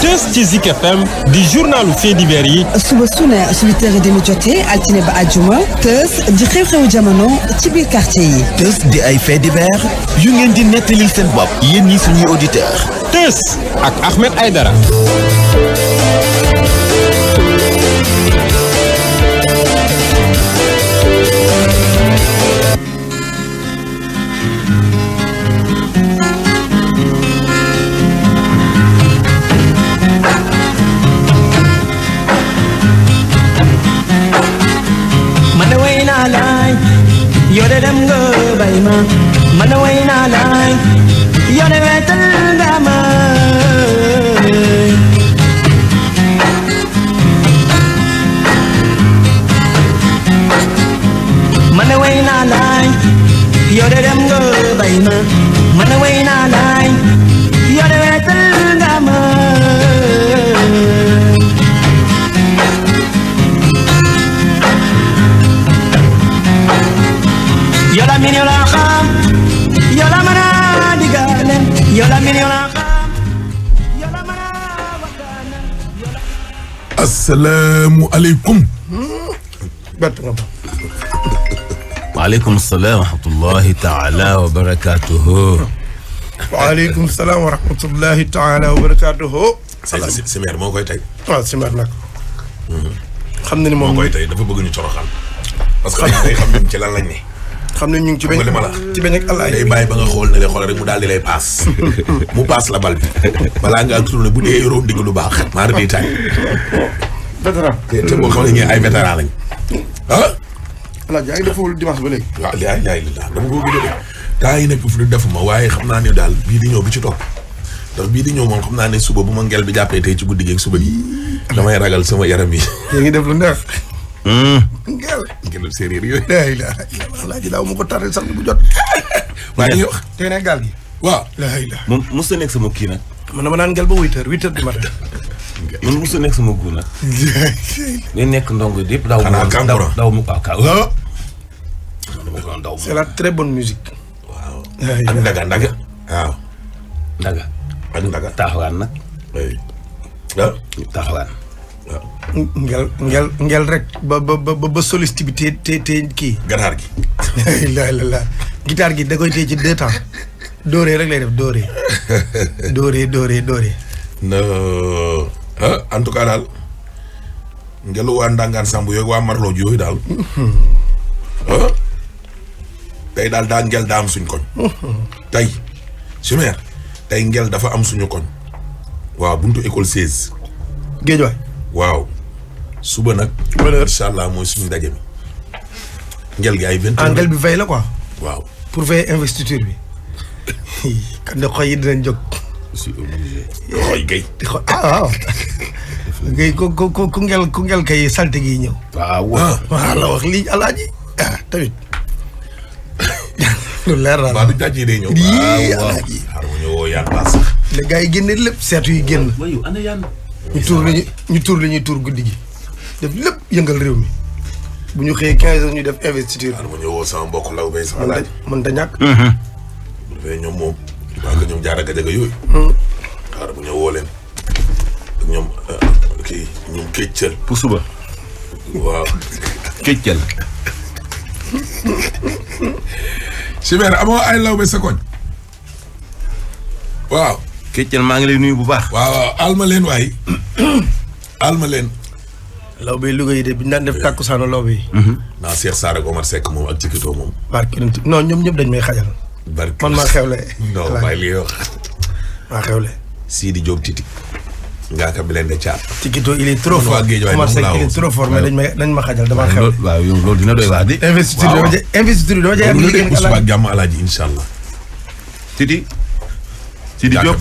Thiès ci Zik FM di journalu faits divers yi. suba su ne huit heures et demi jotee altine ba àjjuma Thiès di xew-xewu jamono ci biir quartier yi. Thiès di ay faits divers yu ngeen di nettali seen bopp yéen ñi suñuy auditeurs. Thiès ak Ahmed dara de dem nga bay ma man a way naa laay yow de wetal nga ma man a way naa laay yow de dem nga bay ma man a way naa laay asalaamualeykum. waaleykum salaam wa rahmatullahi taala wa barakaatuhu. waaleykum salaam wa rahmatullahi taala wa barakaatuhu. simeer moo koy tey. waaw simeer nag. Hmm. xam na ni moom moo koy tey dafa bëgg ñu toroxal. parce que day xam ñun ci lan lañ ne. xam ne ñu ngi ci benn ci benn ak alaay day bàyyi ba nga xool ne lay xool rek mu daal di lay paas mu paas la bal bi balaa ngaa tourné bu dee yoroo ndig lu baax maa rëdd taay. vétéran te boo xam ne ay vétéran lañ ah. voilà jaay deful dimanche ba léegi. waaw jaay jaay li daal dama ko gëj a def temps defuma waaye xam naa ne daal bii di ñëw bi ci topp ndax bii di ñëw moom xam naa ne suba bu ma ngel bi jàppee tey ci guddi gi ak suba gi damay ragal sama yaram yi. yaa ngi def lu neex. Hmm. ngel ngelaw séeréer yooyu la ilaha illallah laa ji daaw ma ko tarre sax bu jot waa dañuy wax te ne gaal gi waaw la ilaha moom mos na nekk sama kii nag man dama naan ngel ba huit heures huit heures du matin man mos na nekk sama guur nag li nekk ndongo yi yëpp daaw daaw mu waaw ka daw c'est la très bonne musique waaw ak ndaga ndaga waaw ndaga ak ndaga taaxawaan nag ah. taaxawaan ngel ngel rek ba ba ba soliste te te te kii. gataar gi. la la la gitaar gi da koy téye ci deux temps dóoree rek lay def dóoree. dóoree dóoree dóoree. Ah, en tout cas daal ngelu waa Ndangaan Samb yooyu waa Marlo yooyu daal. Ah, tey daal daa ngel daa am suñ koñ. tey su tey ngel dafa am suñu koñ. waaw buntu école 16. géej waay. waaw suba nag. bonheur incha allah mooy suñu ndaje mi. ngel gi ay vingt ah ngel bi veille la ko waaw pour veiller investiture bi. kan de xoy yi dinañ jóg. ngel kay salte gi ñëw. waaw ah, waaw la wax lii alaaji ah tamit. lu leer la waaw du jaaj yi day ñëw. yii alaaji. xaaral ma ñëwoo yaa paas. les gars génne lépp seetu yi génn. ñu tuur li ñu tuur li ñuy tuur guddi gi def lépp yëngal réew mi bu ñu xëyee 15 heures ñu def investiture. waaw ma ñëwoo sama mbokk law bay sama laaj. mën ta ñàkk. Mm-hmm. Mm. law euh, ba sa waaw. Këccël maa ngi lay nuyu bu baax. waaw alma leen waay alma leen. lawbe Louga yi de bi ñu daan def tàkkusaanu lawbe yi. Mhm. naa Cheikh Sarr ak Omar Seck moom ak Cikito moom. barke non ñoom ñëpp dañ may xajal. barke man maa xewle. non bàyyi li wax. maa xewle. Sidi Diop Titi. ngaa ko leen de caat. Cikito il est trop fort Omar Seck il est dañ may dañ ma xajal dama xewle. waaw loolu dina doy waa di. investiture bi dama cee investiture bi dama cee. ak liggéey bu subaa allah. Titi. Sidi Diop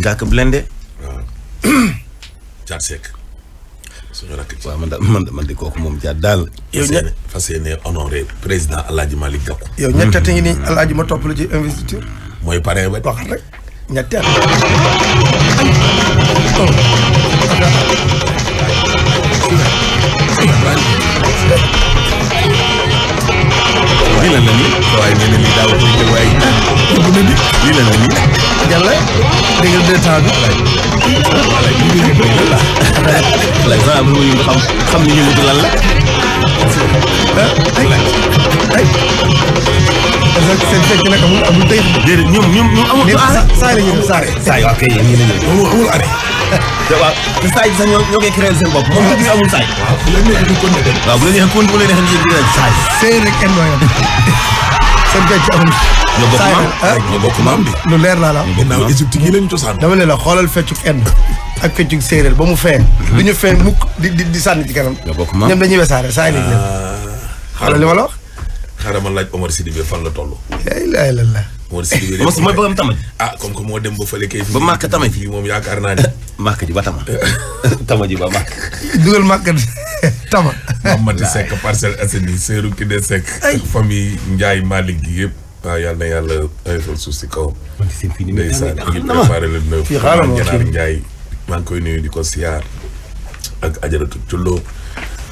Ngaaka Blindé Thiat Seck suñu rakk ci waaw man daal man kooku moom Thiat daal yow ñett fas yéene honoré président Alaaji Malick Gakou yow ñettati ngi ni hmm. ma topp la ci investiture mooy pare ba wax rek ñetteel lii lan la nii waaye nee na lii daaw fi jël waaye dugg na di lii lan la nii yàlla déggal deux temps bi wala ñu ngi lan la wala sama am lu ñu xam xam ni ñu lan la seen fekk nag amul amul tey. déedéet ñoom ñoom ñoom amul. saa la ñuy def saa saa yi waaw kay yéen ñii amul amul aare. te waaw te saa yi sax ñoo ñoo koy créé seen bopp. moom dëgg amul saa yi. waaw bu la neexee kon ne waaw bu la neexee kon bu la neexee ñu jël saa yi. seen gàncax amul. ñoo bokk ah bokk maam bi. lu leer laa la. ginnaaw Égypte gi leen cosaan. dama ne la xoolal feccu kenn ak feccu séeréer ba mu fee. Mhm. du ñu fee mukk di di di sànni ci kanam. ñoo bokk maam ñoom dañuy wesaare saa yi lañ leen. Ah. xoolal li ma la wax. xaaral ma laaj Omar Sidibé fan la toll. la ilaha illallah. Omar Sidibé moom mooy bëggam tamaj. ah comme que moo dem ba fële kay. ba màkk tamaj fii moom yaakaar naa ne. màkk ji ba tama. tama ji ba màkk. dugal màkk tama Mamadi Seck Parcelles Assainies seeru ki de Seck famille Ndiaye Malick gi yëpp waaw ah, yal na yàlla ayofal suuf si kawam ndeysaan ngi préparé le neuf Janaar Ndiaye maa ngi koy nuyu di ko siyaar ak ajaratu Tullo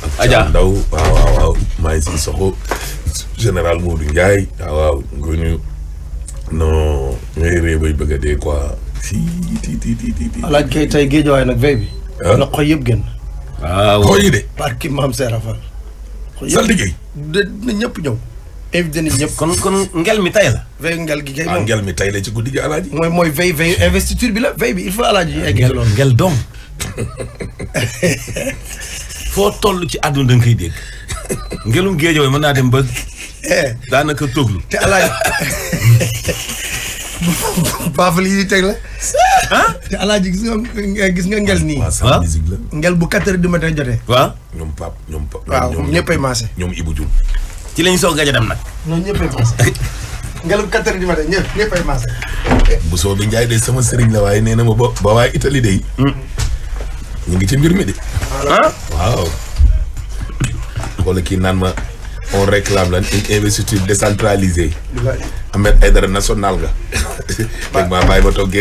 ak Adja Ndaw waaw waaw waaw maa ngi si soxo général Modou Ndiaye waaw waaw ngoy nuyu non bay bëgg a dee Ah, waaw xoo yi de. barki maam Serap Fall. sal liggéey. na ñëpp ñëw. invité nañ kon kon ngel mi tay la. veille ngel gi kay ah, moom ngel mi tay la ci guddi gi alaaji. mooy mooy veille veille investiture bi la veille bi il faut alaaji. egg ngel doom. foo toll ci àdduna da nga koy dégg. ngelum géej mën naa dem ba. Eh. daanaka tóoglu. te alaaji. baafal yi teg la. ah te alaaji gis nga eh, nga ngel nii. waaw ngel bu 4 di ma matin jotee. waaw ñoom pap ñoom pap waaw ñëppay maase. ñoom Ibou Diouf ci lañ soog gaja dem nag. ñoom ñëppay maase. ngel bu 4 heures du matin ñëpp maase. bu soo Njaay de sama sëriñ la waaye nee na ma ba ba waaye Italie de. Hmm. ñu ngi ci mbir mi de. ah waaw. wala kii naan ma. on réclame lan une investiture décentralisée. Ahmed Aïdara national ga. dégg nga bàyyi ma toog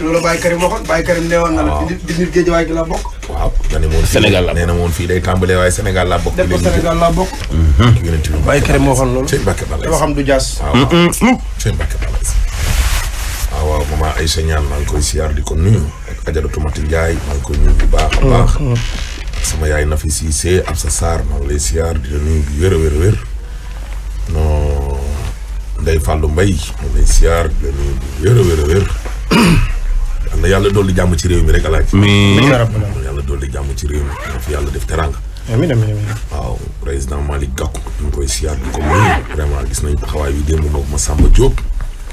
loolu bàyyi Karim waxoon bàyyi Karim neewoon na la. waaw di nit la bokk. waaw ma ne ma woon fii Sénégal la nee na ma woon fii day tàmbalee waaye Sénégal laa bokk. def ko mm-hmm. Karim waxoon loolu. sëñ Mbacke Balaye waaw waaw ah, waaw maman Aïssa Niane maa koy siyaar di ko nuyu ak Adjaratou Mati koy nuyu baax a baax. Mm-hmm. sama yaay na fi siisee ab sa saar maa siyaar di la nuyu bu wér a wér wér non Ndeye Fallou Mbaye maa siyaar di la nuyu bu wér wér a wér yàlla dolli jàmm ci réew mi rek alaaj mi yàlla dolli jàmm ci réew mi na fi yàlla def teranga amiin amiin amiin waaw président Malick Gakou ñu koy siyaar di ko muy vraiment gis nañu taxawaay bi démb moog Massamba Diop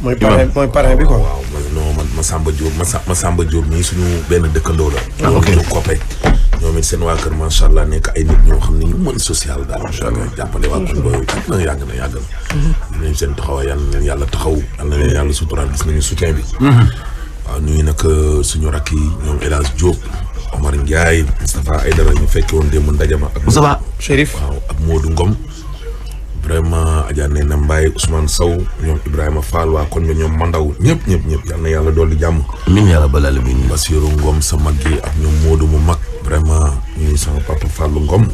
mooy parrain mooy parrain bi quoi waaw non man Massamba Diop suñu benn dëkkandoo la. ah ok ñu koppee ñoom it seen waa kër macha allah nekk ay nit ñoo xam ne ñu mën social daal. macha allah jàppale waa kër boobu yàgg na yàgg na yàgg seen taxawaay yàlla taxaw. yal na leen yàlla suturaal gis nañu soutien bi. Mm-hmm. waaw ñuy nag euh, suñu rakk yi ñoom El Hadj Diop. Omar Ndiaye Moustapha Aydara ñu fekk woon démb ndaje ma. ak Moustapha Chérif waaw ak Ngom. vraiment Adja na Mbaye Ousmane Sow ñoom Ibrahima Fall waa kon bi ñoom Mandaw ñëpp ñëpp ñëpp yal na yàlla dolli jàmm. amiin yaa rabbal aalamiin. Basiirou Ngom sa mag gi mag vraiment ñuy sama papa Fallou Ngom.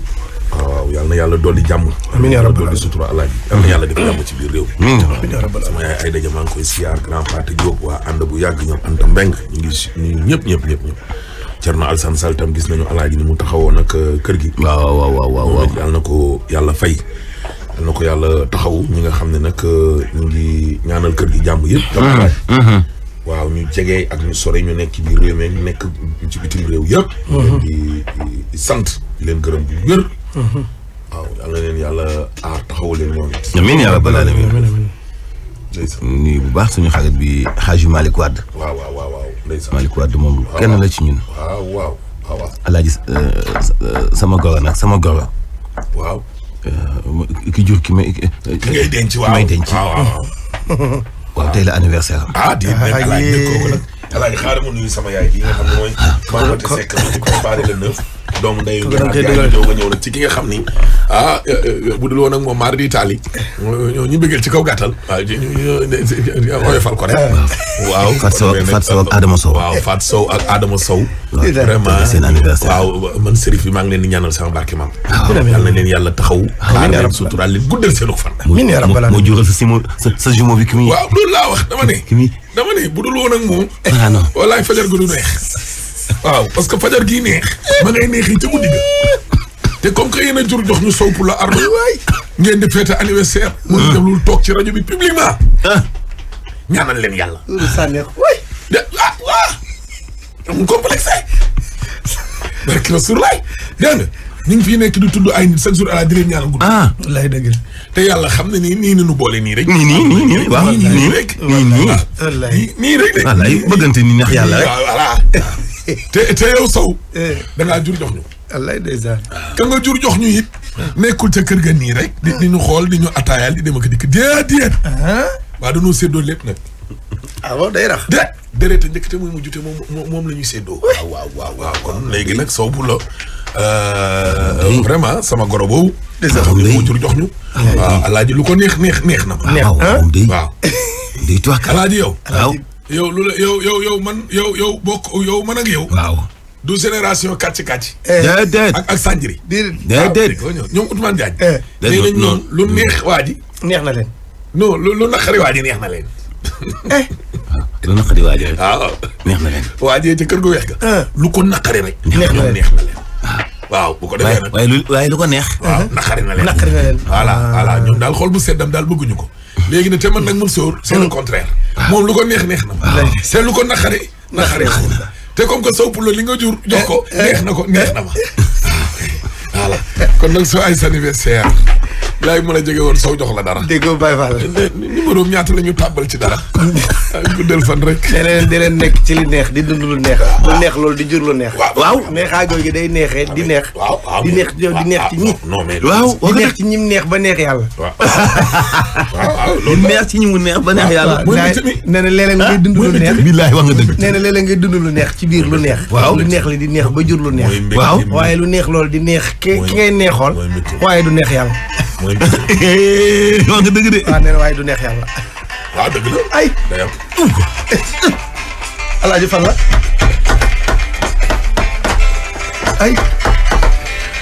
na yàlla dolli jàmm. amiin yaa rabbal dolli sutura alaaji. yàlla def jàmm ci biir réew. amiin yaa rabbal sama yaay yàgg ñoom Anta Mbeng ñu ñëpp ñëpp ñëpp ñëpp. Cerno Alsan Sall tam gis nañu alaaji ni mu taxawoon ak euh, kër gi. waaw waaw waaw waaw yal na ko yàlla fay na yàlla taxawu ñi nga xam ne nag euh, ñu ngi ñaanal kër gi jàmm yëpp. Mm-hmm. Mm-hmm. waaw ñu jege ak ñu sore ñu nekk ci biir réew mi ñu nekk ci bitim réew yëpp. Mm-hmm. sant leen gërëm bu wér. waaw yal na leen yàlla aar taxawu leen moom it. amiin yaa rabbal aalamiin. bu baax suñu xarit bi xaaju Malick Wade. waaw waaw waaw waaw ndeysaan. Malick Wade moom kenn la ci ñun. waaw waaw waaw. alaaji euh, euh, sama goro nag sama goro. ki jur ki may. ki ngay denc waaw may denc. waaw tey la anniversaire am. ah di ah, mel alaay dëkkoo ko nag alaay xaaral ma nuyu sama yaay gi nga xam ne mooy. maa ngi ko sekk di ko le neuf. doomu ndeyu ñëw a ñëw nag ci ki nga xam ni ah euh, euh, bu dul woon ak moom maar di taali ñoo ñu bëggal ci kaw gàttal waaw ko rek ah. waaw Fat Sow Fat Sow ak Adama Sow waaw Fat Sow ak Adama Sow vraiment seen anniversaire man Serif bi maa ngi leen di ñaanal sama barke maam ah. yàlla na leen yàlla taxaw xaar ah, yaram suturaal leen guddal seen fan moo jural sa simo sa jumeau bi ki muy waaw loolu laa wax dama ne dama ne bu dul woon ak moom walaay fajar waaw parce que fajar gii neex ma ngay neexi ca te comme que a jur jox ñu sow pour la arme ngeen di anniversaire ah. mu ngi lu toog ci rajo bi publiquement ah. ñaanal leen yàlla sànneex waay de ah waa ah. mu complexé barki Rasulaay dégg nga ñu ngi nekk di tudd ay chaque jour à la dërëm ñaanal guddi ah wallaay te yàlla xam ne nii nii ni ñu boole nii rek nii nii nii nii waaw nii nii rek nii nii nii rek de wallaay bëggante nii neex yàlla rek te te yow Sow. Eh. da ngaa jur jox ñu. wallaay ndeysaan. Ah. ka nga jur jox ñu it. nekkul ca kër ga nii rek. di di ñu xool di ñu ataayaal di dem ak dikk déedéet. Ah. waa dañoo séddoo lépp nag. ah bon day rax. déet déedéet njëkk te muy moom moom la ñuy séddoo. waaw waaw waaw kon léegi nag Sow bu la. Ah, euh, sama goro boobu. dèjà xam nga jur jox ñu. waaw alaaji lu ko neex neex neex na ma. neex waaw waaw. day tuwaat alaaji yow. waaw. yow lu yow yow yow man yow yow bokk yow man ak yow. waaw du génération kàcc kàcc. Eh. déedéet ak ak sànjiri. déedéet waaw ah, ñoom Ousmane Diagne. Eh. déedéet noonu lu neex neex na leen. non lu naqari waa ji neex na leen. Eh. Ah, lu naqari waa ji. Ah, waaw neex na leen. waa ji ca kër gu weex ga. lu ko naqari rek. neex na leen na leen. waaw bu ko defee nag waaye lu waaye ko neex. waaw uh-huh. naqari na leen naqari na leen. voilà ah. voilà ñoom daal xool bu seddam daal bëgguñu ko. léegi nag te man nag Mansour. c'est le contraire. Ah. moom lu ko neex neex na. waaw ah. c'est ko na naqari na te comme que sow la li nga jur jox ko. Eh, eh, neex na ko neex na ma. Eh. voilà kon nag soo ay sa anniversaire. laay mën a jege sow jox la dara. déggoo Baye Fall. numéro ñaata la ñu tàbbal ci dara. guddal fan rek. leen di leen ci li neex di dund lu neex. lu neex loolu di jur lu neex. waaw neexaa googu day neexee di neex. waaw di neex di neex ci ñi. non waaw di neex ñi mu neex ba neex yàlla. waaw waaw loolu neex ci ñi mu neex ba neex yàlla. nee na léeg-léeg ngay dund lu neex. billaay wax nga dëgg. nee na léeg-léeg ngay lu neex ci biir lu neex. waaw lu neex li di neex ba jur lu neex. waaw waaye lu neex loolu di neex ki ki ngay neexool waaye du neex yàlla mooy lii. wax nga dëgg de. waaw nee na waaye du neex yàlla. waaw dëgg la ay. day am. alaaji fan la. ay.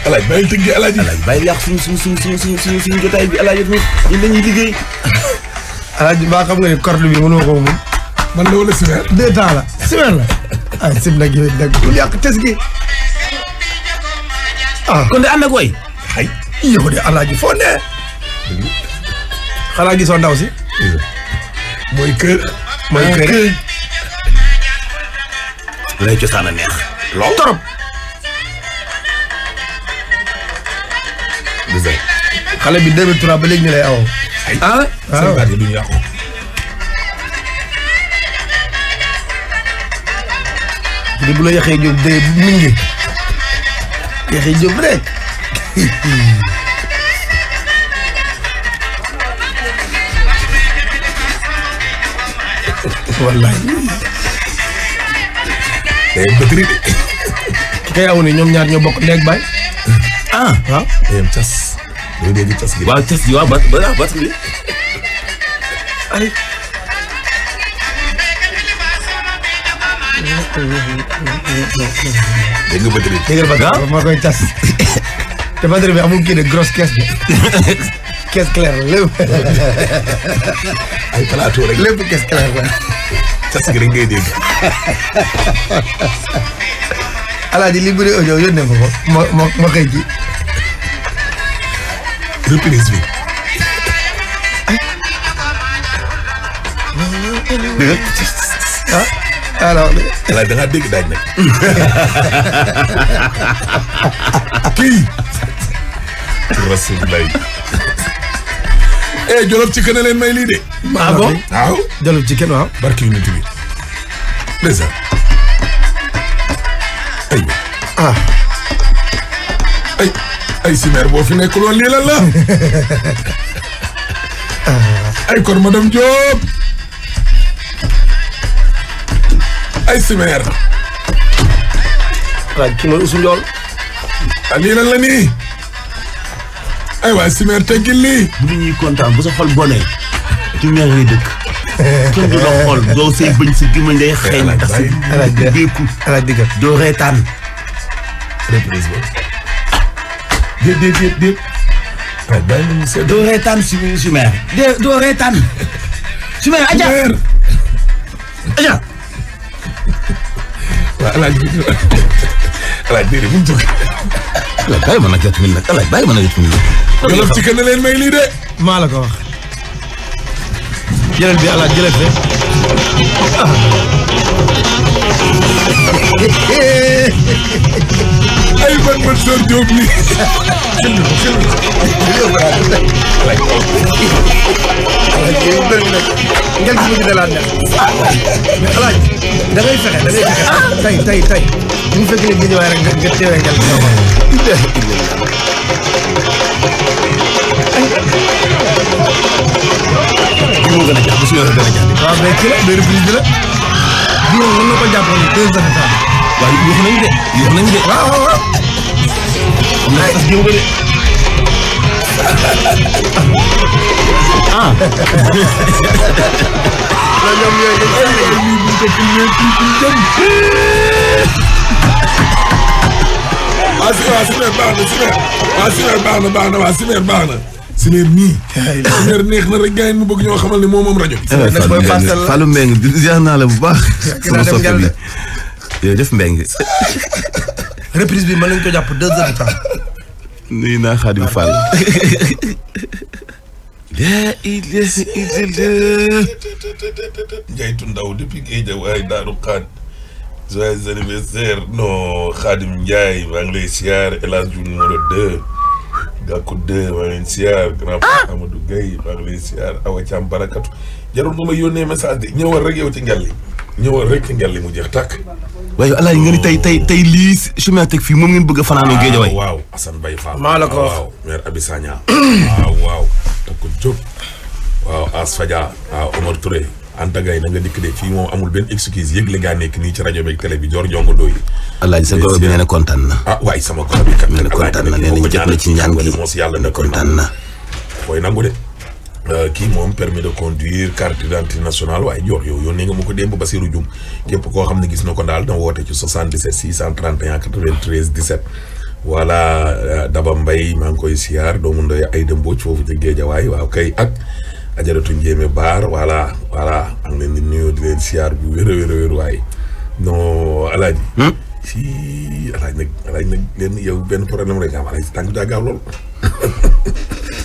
alaaj bàyyi tëgg gi alaaj alaaj bàyyi yàq suñu suñu suñu suñu suñu suñu suñu jotaay bi alaaj yëpp ñun dañuy liggéey. alaaj mbaa xam nga ni corde bi mënoo ko moom. man la wala simeer. deux temps la simeer la. ay ah, sib nag yow dagg bul yàq tes gi. ah kon de ànd ak way ay. yow de alaaji foo ne xanaa gisoo ndaw si mooy kër mooy kër lay cosaan a neex lool torop xale bi 2003 ba léegi ñu lay awoo ah yi duñu yàqu di bu la yaxee jóg de wallaay day eh, bëtri de. ki ñoom ñaar ñoo bokk ndeg baay. ah waaw. day eh, am cas. day dégg cas gi. waaw cas gi waaw bat ba bat bi. ay. dégg nga bëtri. dégg nga bëtri maa koy cas. te batterie bi amul kii de grosse caisse bi caisse claire la lépp. ay plateau rek lépp caisse claire la. tas gi rek ngay li bëri audio yónnee ko ko ma ma ma xëy ji. reprise bi. dëgg la ah alors. Ah, da rasulullah eh jolof ci kenn leen may de. Ah, ah jolof ci kenn barki yu nit bi dèjà. ay ah. ay ay simer boo fi nekk loolu lii lan ah. ay kon madame Diop. ay simer. waaw kii mooy Usu Njool. ah ay waa simeer teggil lii. bu nit ñi kontaan bu sa xol bonee ci mer ngay dëkk. kenn du la xool doo say bëñ si gima day xeeñ. ndax si béeku doo reetaan. reprise boobu. déet déet déet déet. doo reetaan si simeer. dé doo reetaan. simeer aja aja. waaw El Hadj El Hadj déedéet bu mu jógee. El Hadj bàyyi ma nag jot mi nag El Hadj bàyyi ma nag jot mi nag. jolof ci kenn leen may lii de. maa la ko wax. jëlal bi ala jëlal de. ay man man soor Diop nii. da ngay fexe da ngay fexe. tey tey tey bu fekkee ne rek nga teewee bii moo gën a jàpp suñu gën a jàpp. waaw mais ci la mais reprise bi la. bii moom mën na ko jàppoon deux heures de temps. waaw yóbbu nañu de yóbbu nañu de. waaw waaw waaw. am na tas jiw ba de. ah. la ñoom ñooy ñoom ñooy. waa Simeer baax na Simeer waa Simeer baax na baax na waa Simeer baax na. Simeer mii. Simeer neex na rek gars yi mu bëgg ñoo ne moom moom rajo. Eh, Fallou Mbengue ziar naa la bu baax. sama soppe bi jërëjëf ko jàpp deux de temps. nuyu naa Xaadim Fall. laa ilaaha illallaah. Njaaytu Ndaw depuis Géejawaay Daaru Xaan. joyeux anniversaire non Xaadim Njaay maa ngi lay siyaar El Hadj numéro deux. Gakou 2 maa ngi leen siyaar grand papa ah! Amadou Gueye maa ngi leen siyaar Awa barakatu jarul nga ma yónnee message de ñëwal rek yow ci ngel li ñëwal rek ci ngel mu jeex tàkk waaye allah yi nga ni tey tey tey lii chemin teg fii moom ngeen bëgg a fanaanoo ah, géej waay waaw Assane Baye Fall maa la ko ah, wax maire waaw waaw takku jóg waaw As Fadia waaw Omar Touré Anta Gueye na nga dikk de fii moom amul benn excuse yëgle gaa nekk nii ci rajo beeg télé bi Dior Ndiongo Ndoye. alaaji sa goro bi nee na kontaan na. ah waay sama goro bi kat. nee ñaan gi mos yàlla na kontaan nangu de. Euh, kii moom permis de conduire carte d'identité nationale waaye Dior yow yónnee nga ma ko démb Basirou Dioum képp koo xam ne gis na ko daal da woote ci 77 631 93 17. voilà euh, Daba mbay maa ngi koy siyaar doomu ndoye Aïda Mbodj foofu ca Géejawaay waaw kay ak. ajaratu njéeme baar voilà voilà am na nit ñoo di leen siyaar bu wér a wér a wér waaye non hmm? alaaji nag alaaji nag leen yow benn problème rek nga am alaaji si tànk daa gaaw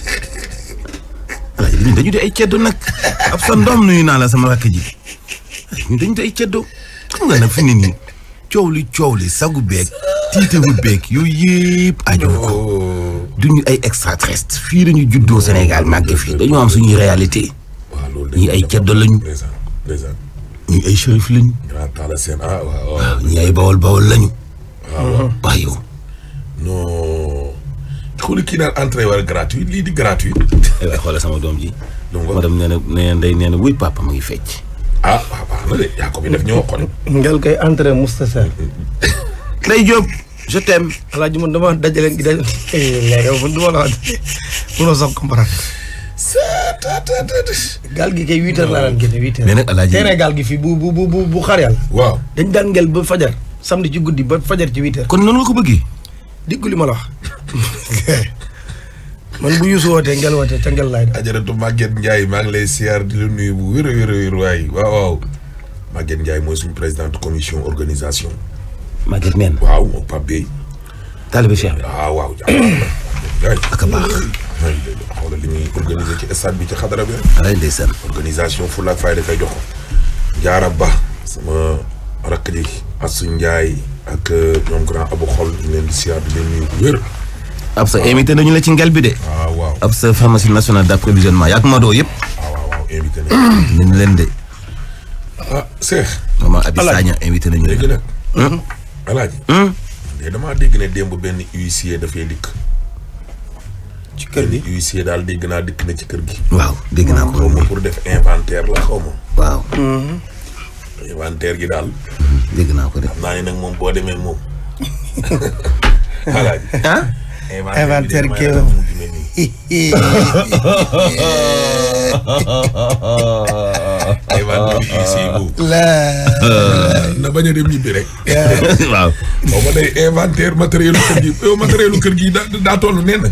dañu di ay ceddo nag ab sa nuyu naa la sama rakk ji ñu dañu di ay ceddo xam nga nag fi ne nii coow li coow li sagu beeg tiitaru beeg yooyu yëpp ajow ko oh. duñu ay extraterrestre fii dañu juddoo Sénégal màgge fii dañu am suñuy réalité ñii ay ceddo lañu ñii ay shérif lañu waaw ñii ay bawol bawol lañu waaw yow non xooli kii naan entrée war lii di gratuit eh waaye xoolal sama doom ji madame nee na nee na day nee na wuy papa mu ngi fecc ah waaw baax na de bi def ñoo waxoon ngel kay entrée mustasar lay jóob je t'aime. alaaji dama dajale gi dajale eh, gaal gi kay huit laa daan génne huit heures. mais nag alaaji gaal gi fi bu bu bu xar waaw dañ daan ngel ba fajar samedi ci guddi ba fajar ci huit kon noonu nga ko bëggee. diggu li ma la man bu Youssou wootee ngel wootee ca ngel laay def. ajaratu Maguette Ndiaye maa ngi lay siyaar di la nuyu bu wér a wér a waaw waaw Maguette Ndiaye mooy suñu présidente commission organisation. Maguette meen. waaw moom Pape Gueye. taalibe Cheikh bi ah, waaw waaw. ak a baax. xoolal li muy organiser ci stade bi ci xadara bi rek. ndeysaan. organisation fulla ak fayda kay jox ko. ba sama rakk ji Assou ak euh, ñoom grand abu xol ñu leen di siyaar di leen nuyu bu wér. ab sa invité nañu la ci ngel bi de. waaw ah, waaw ab sa pharmacie nationale d'approvisionnement yaak Mado yëpp. Ah, waaw waaw invité leen de. ah Cheikh. maman Abi Sagna invité nañu la. alaaji de hmm? damaa dégg ne démb benn huissier dafay dikk ci kër gi huissier daal dégg naa dikk na ci kër gi waaw dégg naa ko pour def inventaire la xaw waaw hmm. inventaire gi daal hmm, dégg naa ko de naa ne nag moom boo demee moom alaaji ah inventaire gi mujj na aywa ah, ah. na bañ a dem ñibbi rek. waaw. boo ma day inventaire matériel kër gi yow euh, matériel kër gi daa daa toll nee de.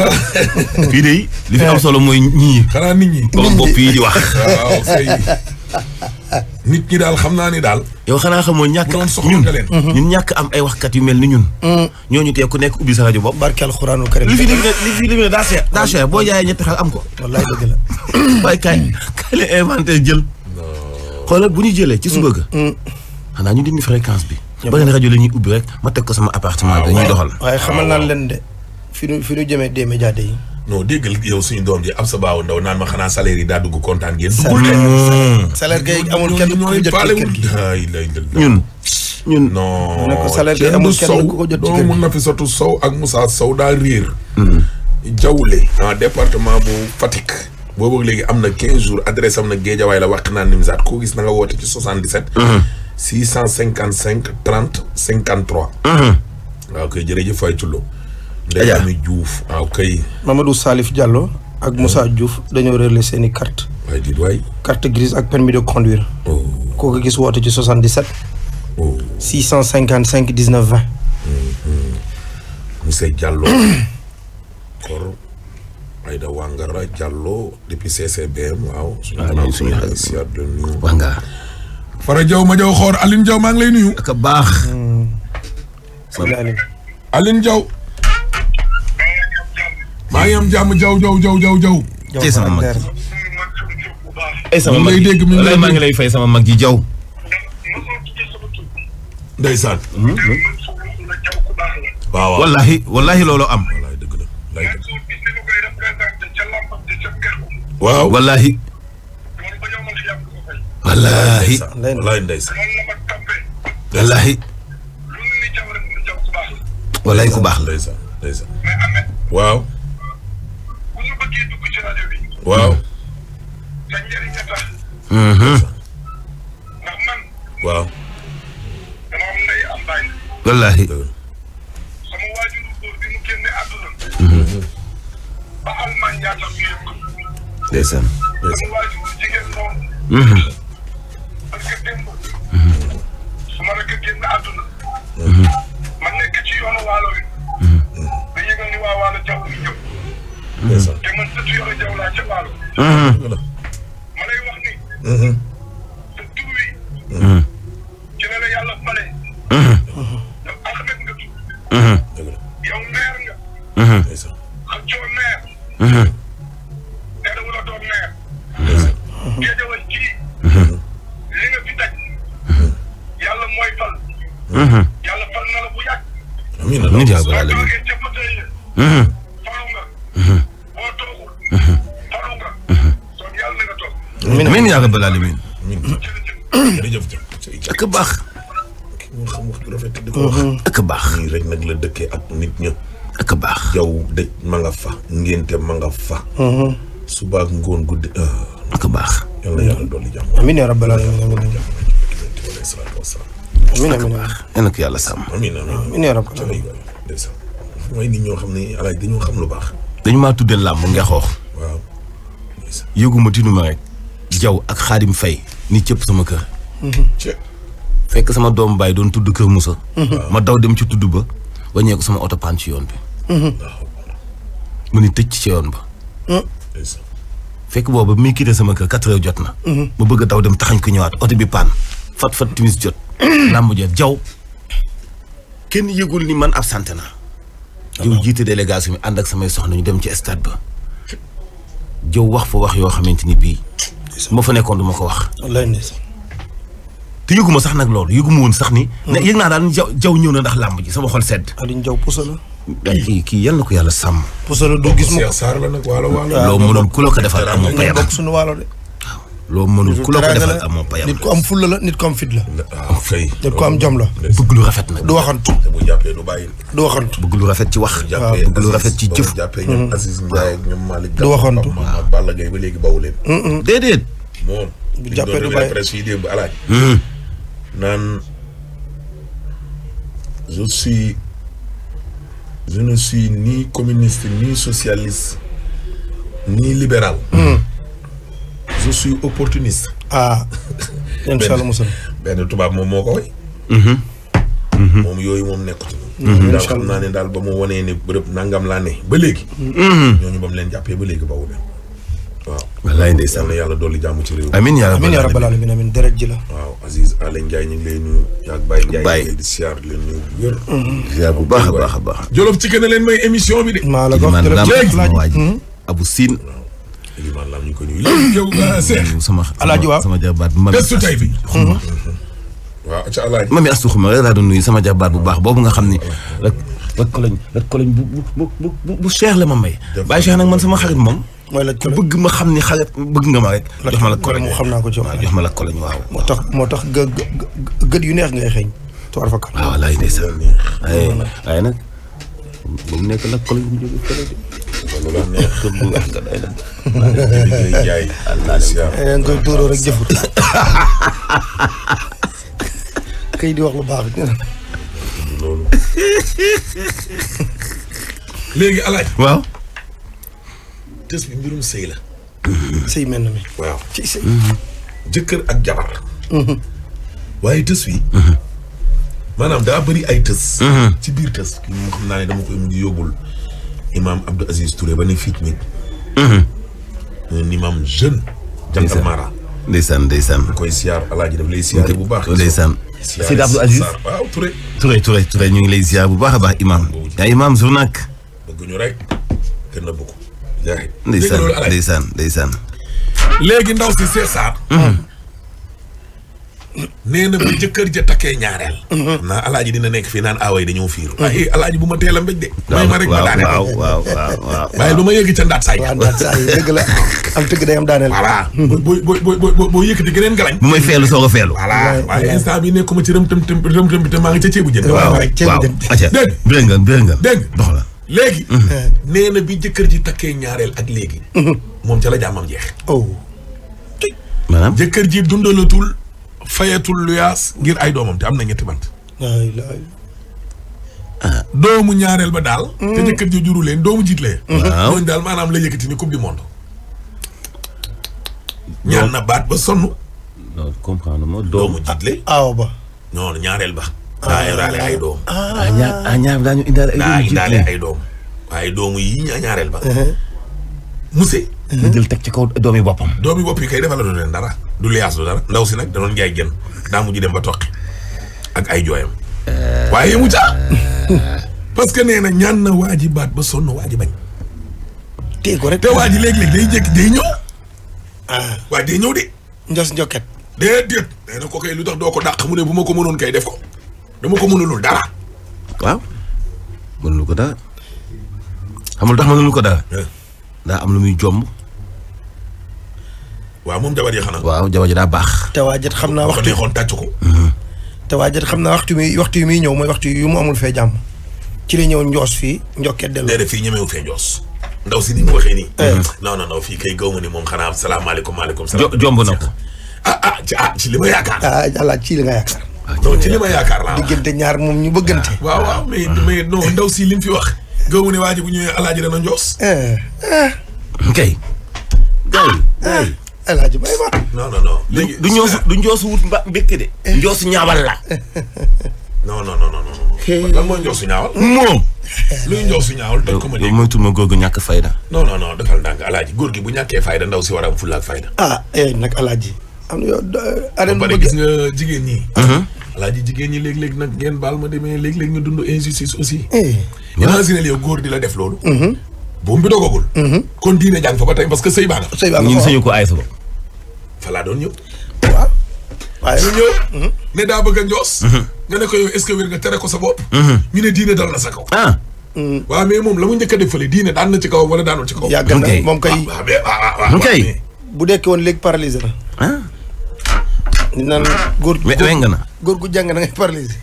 fii de li fi am solo mooy ñii. xanaa nit ñi. borom bopp di wax. waaw nit ñi daal xam naa ni daal. yow xanaa xamoo ñàkk ñun ñun ñàkk am ay wax kat yu mel ni ñun. Mm. ñooñu tee ku nekk ubbi sa rajo bopp. barkeel xuraanu karim li fi lim li fi lim daa am ko. wallaay dëgg la. waaye kaay kaay la inventé jël. xoolal bu ñu jëlee. ci suba ga. Mm. Mm. xanaa ñu dindi fréquence bi. ba ngeen rajo la ñuy ubbi rek ma teg ko sama appartement. Ah, dañuy doxal waaye xamal naa ah. leen de. fi ñu fi ñu jëmee des médias yi non déggal yow suñu doom ji ab sa baaw ndaw naan ma xanaa salaire yi daa dugg kontaan ngeen. salaire salaire kay amul kenn ku ko jot ci kër na fi sotu Sow ak Moussa Sow daa réer. Mm. Jawle. en département bu Fatick. boobu léegi am na 15 jours adresse am na Géejawaay la wax naan Nimzaat ko gis na nga woote ci 77. 655 30 53. waaw kay jëf Faye Tullo. Adja Ndeye Amy Diouf waaw kay. Mamadou Salif Diallo ak Moussa ah. Diouf dañoo réerle seen i carte waay di carte grise ak permis de conduire. Oh. koo ko gis woote ci 77. 655 19 20. monsieur Diallo. kor Aïda Wangara Diallo depuis CCBM waaw. waaw suñu xarit Wangara. Fara Diaw ma Diaw xoor Aline Diaw maa lay nuyu. ak baax. Mm. maa jàmm jaw jaw ngi lay fay sama mag ji jaw. ndeysaan. Hmm, hmm. waaw wallahi wallahi loolu am. waaw wallahi. wallahi. wallahi. wallahi ku baax la. waaw. waaw. te njëriñ la tax. ndax man. waaw. Mhm. suba ak ngoon guddi. Euh, ak baax. yàlla yàlla dolli ñoo xam ne alaaj dañoo xam lu baax. dañu maa tuddee làmb nga xoox. waaw. yëguma tinuma rek. jaw ak xaadim fay. ni cëpp sama kër. Mhm. fekk sama doom baay doon tudd kër Moussa. Mhm. ma daw dem ci tudd ba. waññeeku sama oto ci yoon bi. mu ni tëj ci yoon ba. fekk boobu mi quitté sama kër quatre jot na. ma mhm. bëgg a daw dem taxañ ko ñëwaat oto bi paan fat fat timis jot. Mhm. làmb jot jaw kenn yëgul ni man absenté naa. Ah jiw jiite délégation bi ànd ak samay soxna ñu dem ci stade ba. jëw wax fa wax yoo xamante ni bii. ma fa nekkoon du ma ko wax. wallaahi ndeysaan te yëguma sax nag loolu yëguma woon sax ni. Mm-hmm. yëg naa jaw jaw ñëw na ndax làmb ji sama xol sedd. Alioune Diaw puso la. kii kii yal na ko yàlla sàmm. puso la doo gis mu Sarr la nag waalo waalo. Ah, loo mënul ku la ko defal amoo payam. bokk suñu waalo de. loo mënul ku la ko defal amoo payam. nit ku am fulla la nit ku am fit la. Ah, am fay nit ku am jom la. bëgg lu rafet nag. du waxantu. bu jàppee du bàyyi. du waxantu bëgg lu rafet ci wax. waaw bëgg lu rafet ci jëf. Mm-hmm. du waxantu waaw déedéet. moom. bu jàppee du naan je suis je ne suis ni communiste ni socialiste ni libéral. Mm. suis opportuniste. ah. incha allah benn tubaab moom moo ko mhm. Mhm. moom yooyu moom nekkatu. Hmm. daal naa ne daal ba mu wonee ne bërëb nangam laa ne ba léegi. Hmm. ñooñu ba mu leen jàppee ba léegi ba wu waaw wallaay ndeysaan na yàlla dolli jàmm ci réew mi amiin yaa rabbal alamin amiin deret ji la waaw Aziz Alen Ndiaye ñu ngi lay nuyu yaag Baye Ndiaye di siyaar mm-hmm. bu baax a a baax Jolof ci kenn leen may émission bi de maa la wax jërëjëf Abou Sine liman lam ñu ko nuyu yow mm-hmm. euh, Seex sama alaaji waaw sama jabaat mami su tey bi mm-hmm. waaw ca alaaji mami astu xuma rek laa doon nuyu sama jabaat bu baax boobu nga xam ne rek rek koloñ rek koloñ bu bu bu bu Cheikh la ma may Baye Cheikh nag man sama xarit moom mooy la cole bëgg ma xam ni xale bëgg nga ma rek. jox ma la cole mu xam naa ko jox ma la cole waaw. moo tax moo tax gë gët yu neex ngay xeeñ. tuur fa kàlla. waaw laay ndeysaan waaye nag bu mu nekk la cole bu jógee fële de. loolu neex tëmb nga day dem. lay jaay. alhamdulilah nga koy tuuroo rek jëfut. kay di wax lu baax. léegi alaaj waaw. tës bi mbirum sëy la. Mm-hmm. sëy mel mm-hmm. jëkkër ak jabar. Mm-hmm. waaye tës wi. maanaam daa bëri ay tës. ci biir tës ki moom xam naa ne dama koy mujj yóbbul imaam Abdou Aziz Touré ba ne fii ci un imam jeune. jàngal mara. ndeysaan ndeysaan. koy siyaar alaaji daf lay siyaare bu baax. ndeysaan Seydi Abdou Aziz waaw Touré. Touré ñu ngi lay siyaar bu baax a baax imam. yaa imam journak. bëgg ñu ndeysaan ndeysaan ndeysaan léegi ndaw si Cheikh Sarr hmm. nee na bu jëkkër ja takkee ñaareel hmm. naa alaaji dina nekk fii naan aaway dañoo fiir waaye hmm. alaaji bu ma teel a mbéj de may ma rek ma waaw waaw waaw lu ma yëgi ca ndaat saay ndaat saay dëgg la am tëgg day am daaneel voilà boo boo boo boo yëkkati geneen galañ bu may feelu soog a feelu voilà waaye instant bi nekkuma ci rëm tëm tëm rëm tëm bi te maa ngi ca ceebu jën waaw waaw dégg dégg dégg la léegi. Mhm. Euh, nee na bi jëkkër ji takkee ñaareel ak léegi. Mhm. moom ca la jàmmam jeex. oh. jëkkër ji dundalatul fayatul luyaas ngir ay doomam te am na ñetti bant. Ah. doomu ñaareel ba daal. te mhm. jëkkër ji juru leen doomu jiit lee. daal maanaam la yëkkati ni coupe du monde. ñaan na baat ba sonn. non ma doomu jiit aw ba. non ñaareel ba. ah indaale ay ah ñaar daañu indaale ay doom. daa ay doom waaye doomu yi ñaareel ba. Mousse. mu jël teg ci kaw doomi boppam. doomi bopp yi kay defal la du leen dara. du liyaas du dara ndaw si nag da doon jaay gën daa mujj dem ba toqi ak ay jooyam. Uh-huh. waaye yemu ca uh-huh. parce que nee na ñaan na waa baat ba sonn waa ji bañ. tey rek te waa ji léeg-léeg day jékki ñëw. ah uh-huh. waaye day ñëw de. njos njokket. déedéet nee na ko kay lu tax doo ko dàq mu ne bu ma ko mënoon kay def ko. dama ko mënulul dara. waaw mënulu ko dara xamul tax mënulu ko dara. Eh. am lu muy jomb. waaw moom jabar yi xanaa. waaw jabar ji daa baax. te waa xam naa waxtu waxtu xool tàcc mm-hmm. xam naa waxtu mi waxtu yu muy ñëw mooy waxtu yu mu amul fee jàmm. ci la ñëw njoos fii njokket dellu. déedéet fii ñemewu fee njoos. ndaw si ni mu waxee nii. Eh. non non fii kay gaw ma ni moom xanaa salaamaaleykum maaleykum salaam. jomb na ko. ah ah ci ah, li ma yaakaar. ah ci li nga yaakaar. non ci li ma yaakaar laa diggante ñaar moom ñu bëggante. Ah, waaw waaw mais mais non si li mu fi wax. gëmu ne waa bu ñëwee alaaji dana njoos. kay. kay. alaaji bay ma. non non non léegi du njoosu du njoosu wut eh. ñaawal la. non non non non. lan mooy njoosu ñaawal. moom. ko ma dégg. moytu ma googu ñàkk fayda. non non non defal ndànk alaaji góor gi bu ñàkkee fayda ndaw si war a am fayda. ah eh nag alaaji. am na yoo arène gis nga jigéen ñi. alaaji mhm. jigéen ñi léeg-léeg nag ngeen baal ma demee léeg-léeg ñu dund injustice aussi. Eh. imaginez yow góor di la def loolu. Mhm. buum bi dogagul. Mhm. kon diine jàng fa ba tey parce que sëy baa nga fa. sëy baa nga fa ñun sëñu ko ay suba. fa laa doon ñëw. waaw. waaye ñu ñëw. ne daa bëgg a njoos. nga ne ko yow ce que wér nga tere ko sa bopp. ñu ne diine dal na sa kaw. ah. Mm. mais moom la mu njëkk a def fële diine daan na ci kaw wala daanul ci kaw. yàgg na moom ah, ah, ah, bu dekkee woon léegi paralysé la. ñu naan góor mais weng na góor gu jàng da ngay paralysé.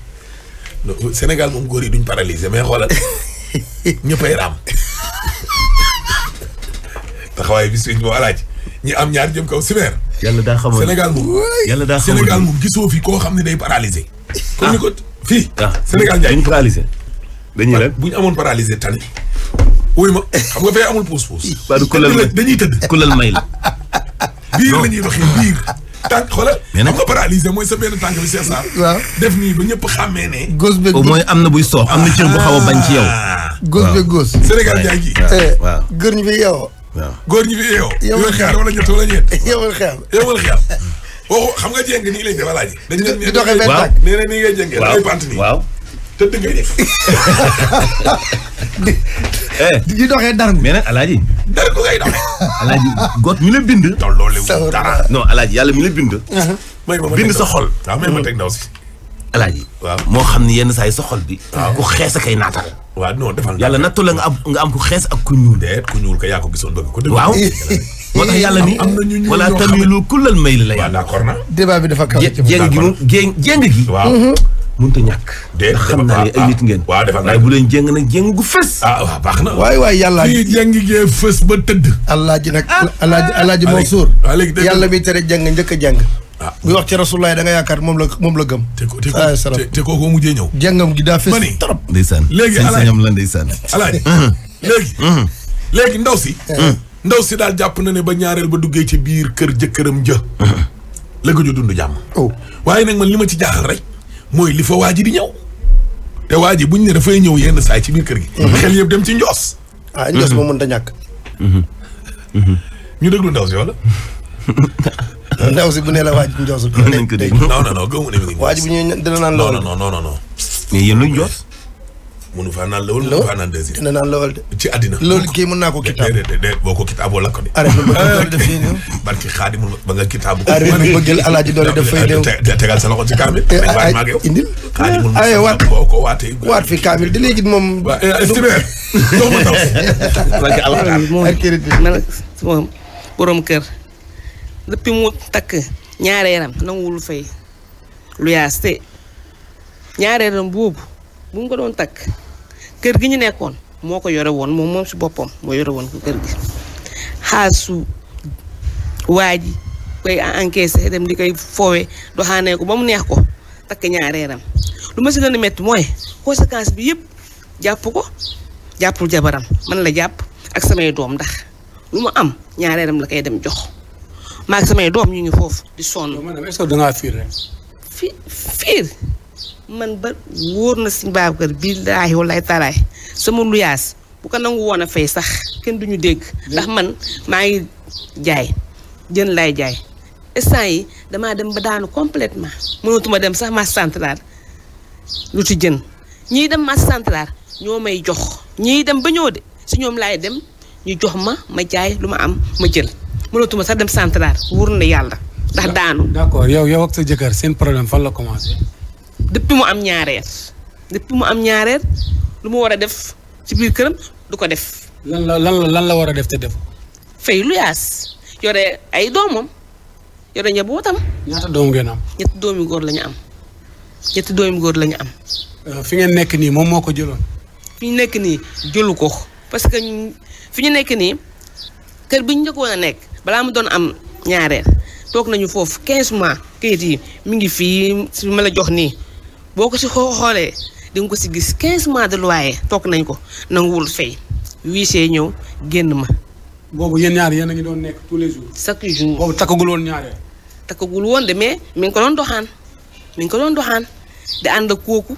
moom góor yi duñ paralysé mais xoolal ñëppay raam taxawaay bi suñ moo alaaj ñi am ñaar jëm kaw simeer. yàlla daa xamoon Sénégal moom yàlla daa xamoon Sénégal moom gisoo koo xam ne day paralysé. comme ni ko ah. fii. Ah, Sénégal Ndiaye duñ paralysé. dañuy lan bu ñu amoon paralysé tani ma xam nga amul puus puus. dañuy tëdd kulal may la. biir la ñuy waxee biir. tànk xoolal. mais nag am nga paralysé mooy sa benn tànk bi c'est ça. def nii ba ñëpp xàmmee ne. gos beeg gos mooy am na buy soox am na cër bu xaw a bañ ci yow. gos beeg gos. Sénégal jaay gi. waaw góor ñi fi yeewoo. waaw góor ñi fi yeewoo. yeewul xeer wala ñett wala ñeent. yeewul xeer yeewul xeer. waxu xam nga jéng nii lañ dafa laaj. dañu leen di doxee benn tànk nee na nii ngay jéngee. waaw waaw te dëgg ngay def. Eh. doxee dar mais nag alaaji. dar gu ngay doxee. alaaji got mi la bind. tolloole dara non alaaji yàlla mi la bind. Uh-huh. may ma bind sa xol. waaw may ndaw si. alaaji. waaw moo xam ni yenn saa yi sa xol bi. ku xees kay naatal. waaw non defal yàlla nattu la nga am ku xees ak ku ñuul. ku ñuul ko bi ko gisoon bëgg ko. waaw moo tax yàlla ni. am na ñu ñuul ñoo xam ne wala tamilu kullal mayl la. waaw d'accord na. débat bi dafa kaw. jéng gi mu mënut a ñàkk. de xam naa ne ay nit ngeen. waaw defal naa bu leen jéng nag jéng gu fës. ah waaw baax na. waay waay yàlla. fii jéng gee fës ba tëdd. alaaji nag alaaji ah, ah. alaaji Mansour. yàlla mi tere jeng njëkk a jéng. ah wax ci rasulullaah danga nga yaakaar moom la moom la gëm. te ko te ko mujjee ñëw. jéngam gi daa fës trop. ndeysaan léegi alaaji sañ la ndeysaan. alaaji léegi. léegi ndaw si. Eh. ndaw si daal jàpp na ne ba ñaareel ba duggee ci biir kër jëkkëram jë la gëju dund jàmm. Oh. waaye nag man li ma ci jaaxal rek mooy li fa waaj bi di ñëw te waa ji buñ ne dafay ñëw yenn saay ci biir kër gi. Mhm. xel yëpp dem ci njoos. ah njoos moom mënut a ñàkk. Mhm. Mhm. ñu déglu ndaw si wala. ndaw si bu ne la waa ji njoosul. dinañ ko dégg non non non gëmu ne mi ngi. waa ji bu ñuy dina naan lool non non non non. njoos. mënu faa naan lawal mënu faa naan deuxième dina naan lawal de ci àddina loolu kii mën naa ko kitaab de de boo ko kitaaboo la ko de arrêt bu bëgg def fii néew barki xaadimu ba nga kitaabu ko arrêt bu bëggal alaaji doole daf fay néew tegal sa loxo ci kaamil waat maa ngi indil xaadimu ay eh, waat boo ko waatee waat fi kaamil di léegi moom eh, estimaire dox ma taw barki allah moom moom borom kër depuis mu takk ñaareeram nanguwul fay lu yaas te ñaareeram boobu bu ñu ko doon takk kër gi ñu nekkoon moo ko yore woon moom moom si boppam moo yore woon ko kër gi xaasu waa ji koy encaissé dem di koy foowe doxaanee ko ba mu neex ko takk ñaareeram lu ma si gën a métti mooy conséquence bi yëpp jàpp ko jàppul jabaram man la jàpp ak samay doom ndax lu ma am ñaareeram la koy dem jox maa ak samay doom ñu ngi foofu di sonn. est fi fiir. man ba wóor na si Babacar billaahi walaay taalaay sama luyaas bu ko nangu woon a fay sax kenn du ñu dégg ndax man maa ngi jaay jën laay jaay instant yi damaa dem ba daanu complètement mënatuma dem sax marché central lu ci jën ñii dem marché central ñoo may jox ñii dem ba ñëw de si ñoom laay dem ñu jox ma ma jaay lu ma am ma jël mënatuma sax dem central wóor na yàlla ndax daanu d'accord yow yow ak sa jëkkër seen problème fan la commencé depuis mu am ñaareer depuis mu am ñaareer lu mu war a def ci biir këram du ko def. lan la lan la lan la war a def te def. fay lu yaas yore ay doomam yore tam ñaata doom ngeen am. ñetti doomi góor lañu am ñetti doomi góor la am. Euh, fi ngeen nekk nii moom moo ko jëloon. fi ñu nekk nii jëlu ko parce que fi ñu nekk nii kër bi ñu njëkkoon a nekk balaa mu doon am ñaareel toog nañu foofu quinze mois kayit yi mi ngi fii si ma la jox nii. boo ko si xoolee di nga ko si gis 15 mois de loyer toog nañ ko nanguwul fay huissier ñëw génn ma. boobu yéen ñaar yéen a ngi doon nekk tous jour boobu takkagul woon woon de mais mi ngi ko doon doxaan mi ngi ko doon doxaan di ànd ak kooku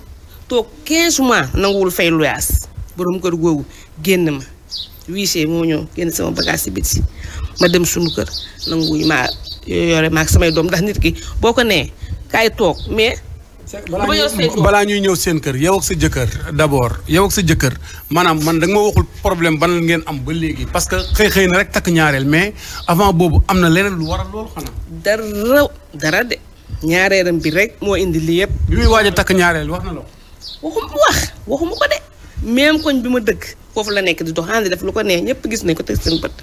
toog quinze mois nanguwul fay luyaas borom kër googu génn ma huissier moo ñëw génn sama bagage si biti ma dem sunu kër nangu maa yore ma ak samay doom ndax nit ki boo ko nee kaay toog mais. balaa ñuy ñëw seen kër yow sa jëkkër d'abord yow sa jëkkër maanaam man da ma waxul problème ban ngeen am ba léegi parce que xëy xëy na rek takk ñaareel mais avant boobu am na leneen lu war a loolu xanaa. dara dara de ñaareelam bi rek moo indi li yëpp. bi muy waaj takk ñaareel wax na la waxuma wax ko de même koñ bi ma dëkk foofu la nekk di doxaan di def lu ko neex ñëpp gis nañ ko teg seen bët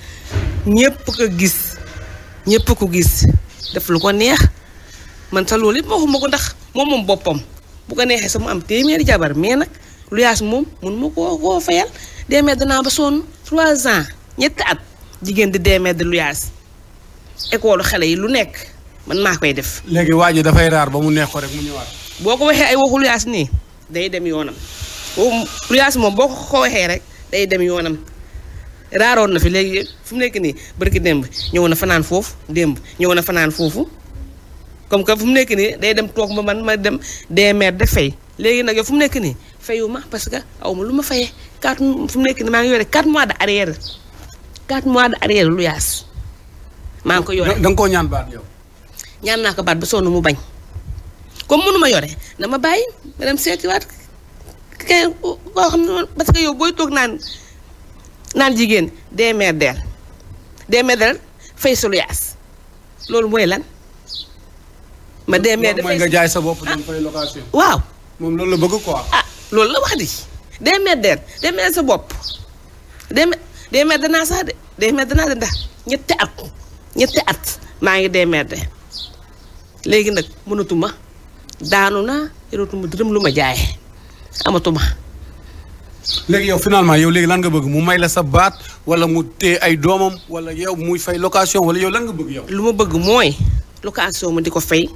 ñëpp ko gis ñëpp ko gis lu ko neex. man sa loolu yëpp waxuma ko ndax moom moom boppam bu ko neexee sama mu am téeméeri jabar mais nag lu yaas moom mun ma koo koo fayal demee danaa ba sonn trois ans ñetti at jigéen di demee di lu yaas école xale yi lu nekk man maa koy def. léegi waa ji dafay raar ba mu neex ko rek mu ñëwaat. boo ko waxee ay waxu nii day dem yoonam lu yaas moom boo ko rek day dem yoonam. raaroon na fi léegi fi mu nekk nii barki démb ñëw na fanaan foofu démb ñëw na fanaan foofu. comme que fu mu nekk nii day dem toog ma man ma dem DMR de fay léegi nag fu mu nekk nii fayu parce que aw ma lu ma fayee 4 fu mu nekk nii maa ngi yore 4 mois de arrière 4 mois de arrière lu maa ngi ko yore da nga koo ñaan naa ko baat ba sonn mu bañ comme mënu ma yore na ma bàyyi ma dem seetiwaat kenn koo xam ne parce que yow booy toog naan naan jigéen DMR del DMR del fay sa lu yaas loolu mooy lan. ma dem mais dafay nga jaay sa bopp ah. dem fay moom loolu la bëgg quoi. Ah, loolu la wax di. demee den demee sa bopp demee demee danaa sax de demee danaa de ñetti at ñetti at maa ngi demee de léegi nag mënatuma daanu naa yoratuma dërëm lu ma jaay amatuma. léegi yow finalement yow léegi lan nga bëgg mu may la sa baat wala mu te ay doomam wala yow muy fay location wala yow lan nga bëgg yow. lu ma bëgg mooy location mu di ko fay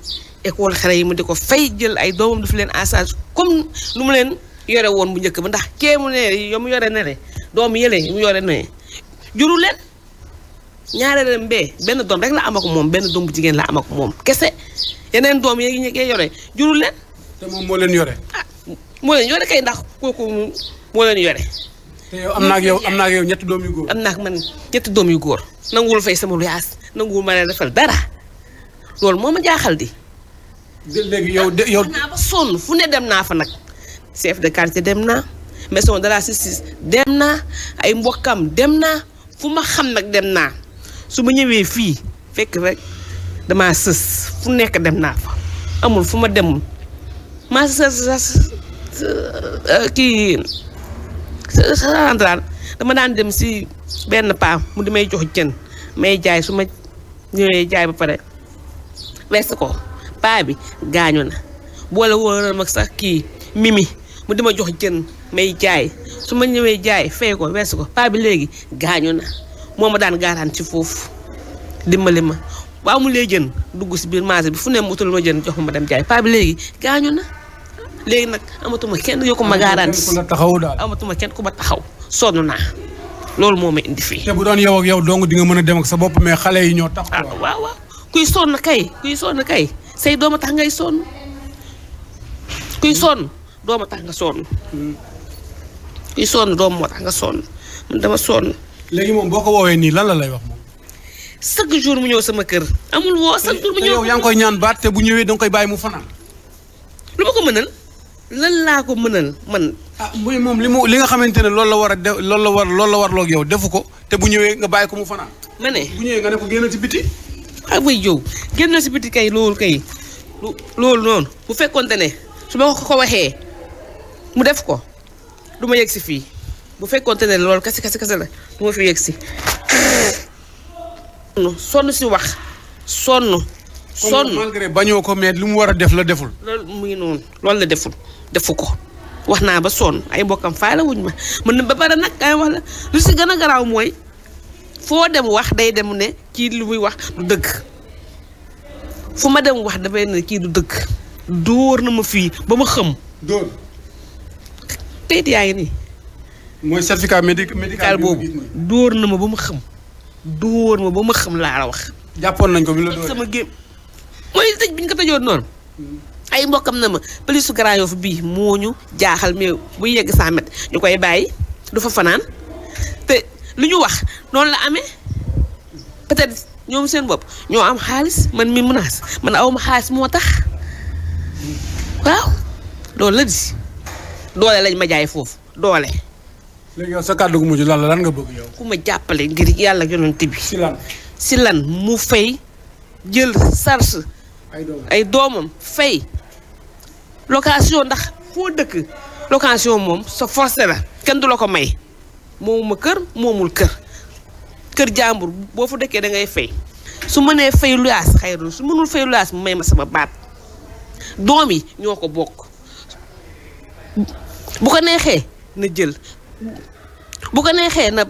école xale yi mu di ko fay jël ay doomam daf leen en charge comme lu mu leen yore woon mu njëkk ba ndax kee mu ne yo mu yore nere doom yële mu yore ne juru leen ñaareelam bee benn doom rek la am moom benn doom jigéen la am moom kese yeneen doom yi ñu yore juru leen. moo leen yore. ah moo leen yore kay ndax kooku moo leen yore. am naa ak yow am naa yow ñetti doom yu góor. am naa ak man ñetti doom yu góor nanguwul fay sama luyaas nanguwul ma ne dara. loolu moo ma jaaxal di. léegi fu ne dem naa fa nag. chef de quartier dem naa maison de la justice dem naa ay mbokkam dem naa fu ma xam nag dem naa su ma ñëwee fii fekk rek dama sës fu nekk dem naa fa amul fu ma demul maa sës kii central dama daan dem si benn paa mu di may jox jën may jaay su ma ñëwee jaay ba pare. weesu ko paa bi gaañu na boole wóoral mag sax kii mimi mu dima jox jën may jaay su ma ñëwee jaay fay ko weesu ko paa bi léegi gaañu na moo ma daan gaaraan ci foofu dimbali ma waaw mu lay jën dugg si biir marché bi fu ne mu utal jën jox ma dem jaay paa bi léegi na léegi nag amatuma kenn yoo ko ma gaaraan ci amatuma kenn ku ma taxaw sonn naa loolu moo indi fii. te bu doon yow ak yow dong di nga mën a dem ak sa bopp mais xale yi ñoo tax. Ah, waaw. kuy sonn kay kuy sonn kay say dooma tax ngay sonn kuy sonn dooma tax nga sonn kuy sonn doom moo tax nga sonn man dama sonn. léegi moom boo ko woowee nii lan la lay wax moom. chaque jour mu ñëw sama kër. amul woo chaque jour mu ñëw yaa ngi koy ñaan baat te bu ñëwee da koy bàyyi mu fanaan. lu ma ko mënal. lan laa ko mënal man. ah muy moom li mu li nga xamante ne loolu la war a def loolu la war loolu la warloo yow defu ko te bu ñëwee nga bàyyi ko mu fanaan. ma ne bu ñëwee nga ne ko ci biti. ah way yow génn si biti kay loolu kay loolu noonu bu fekkonte ne su ma ko ko waxee mu def ko du ma yegg si fii bu fekkonte ne loolu kese kase kese la du fi yegg si. sonn si wax sonn. sonn malgré bañoo ko mais lu mu war a def la deful. loolu mu ngi noonu loolu la deful defu ko wax naa ba sonn ay mbokkam faale wuñ ma mën na ba nag ay wax la lu si gën a garaaw mooy. foo dem wax day dem ne kii lu muy wax du dëgg fu ma dem wax dafay ne kii du dëgg dóor na ma fii ba ma xëm. yaa ngi nii. mooy certificat médical boobu dóor na ma ba ma xëm. dóor ma ba ma xam laa jàppoon nañ ko bi la dóor sama gém. mooy tëj bi ñu ko tëjoon noonu. Hmm. ay mbokkam na ma polisu Grand bii moo ñu jaaxal mais bu yegg 100 mètres ñu koy bàyyi du fa fanaan te. lu ñu wax noonu la amee peut-être ñoom seen bopp ñoo am xaalis man mi menace man awma xaalis moo tax waaw dool la di doole lañ ma jaay foofu doole. léegi yow sa kàddu lan nga bëgg yow. ku ma jàppale ngir yàlla yonent bi. si si lan mu fay jël charge. ay doomam ay fay. location ndax foo dëkk location moom sa forcé la kenn du la ko may. moomuma kër moomul kër kër jàmbur boo fu dekkee da ngay fay su mënee fay luyaas xayrul su mënul fay luyaas mu may ma sama baat doom yi ñoo ko bokk bu ko neexee na jël bu ko neexee na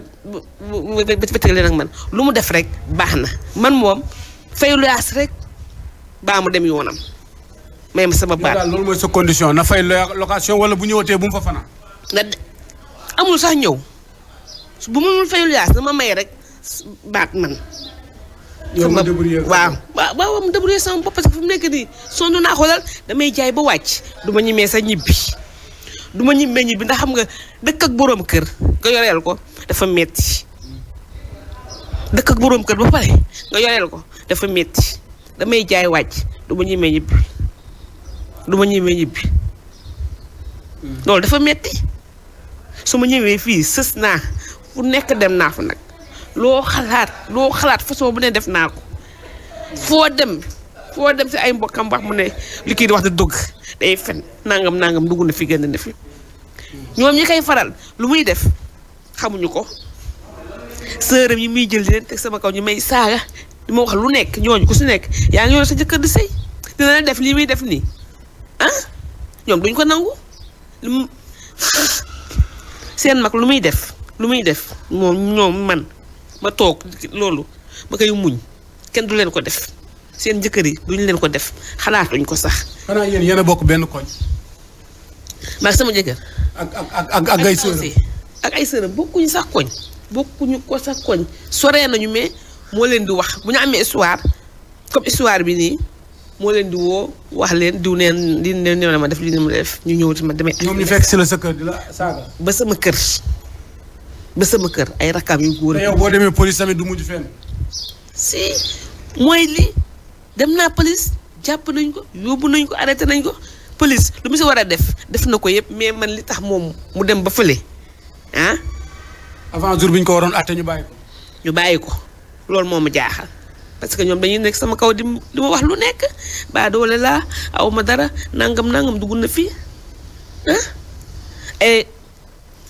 bëccëg leen ak man lu mu def rek baax na man moom fay luyaas rek baa mu dem yoonam may ma sama baat. loolu mooy sa condition na fay location wala bu ñëwatee bu mu fa fanaan. amul sax ñëw. bu mënul fayul yaas dama maye rek baat man. yow ma waaw waaw mu débrouillé sama bopp parce que fu mu nekk nii sonn naa xoolal damay jaay ba wàcc du ma ñemee sa ñibbi du ma ñimmee ñibbi ndax xam nga dëkk ak boroom kër nga yoreel ko dafa metti dëkk boroom kër ba pare nga yoreel ko dafa metti damay jaay wàcc du ma ñimmee ñibbi hmm. dafa metti su ma ñëwee fii sës naa fu nekk dem naa fa nag loo xalaat loo xalaat façon bu ne def naa ko foo dem foo dem si ay mbokkam wax mu ne li kii di wax di dugg day fen nangam nangam dugg na fi génn na fi ñoom ñi koy faral lu muy def xamuñu ko sërëm yi muy jël sama kaw ñu may saaga di lu nekk ñooñu ku si nekk yaa ngi yor sa jëkkër def lii muy def nii ah ñoom duñ ko nangu seen mag lu muy def lu muy def moom ñoom man ma toog loolu ma koy muñ kenn du leen ko def seen jëkkër yi duñ leen ko def xalaatuñ ko sax. xanaa yéen yéen a benn koñ. maa sama jëkkër. ak ak ak ak ay sërëm ak ay sërëm bokkuñu sax koñ. bokkuñu ko sax koñ soree nañu mais moo leen di wax bu ñu amee histoire comme histoire bi nii moo leen di woo wax leen diw neen di ne ma def li ne ma ñu ñëw ci ma damay. ñoom ñu fekk si sa kër di la saaga. ba sama kër. ba sama kër ay rakam yu góor wër. yow boo demee police tamit du mujj fenn. si mooy li dem naa police jàpp nañ ko yóbbu nañ ko arrêté nañ ko police lu mu si war a def def na ko yëpp mais man li tax moom mu dem ba fële ah. avant jour bi ñu ko waroon àtte ñu bàyyi ko. ñu bàyyi ko loolu moom ma jaaxal. parce que ñoom dañuy nekk sama kaw di di ma wax lu nekk baa doole laa aw ma dara nangam nangam dugg na fii ah eh,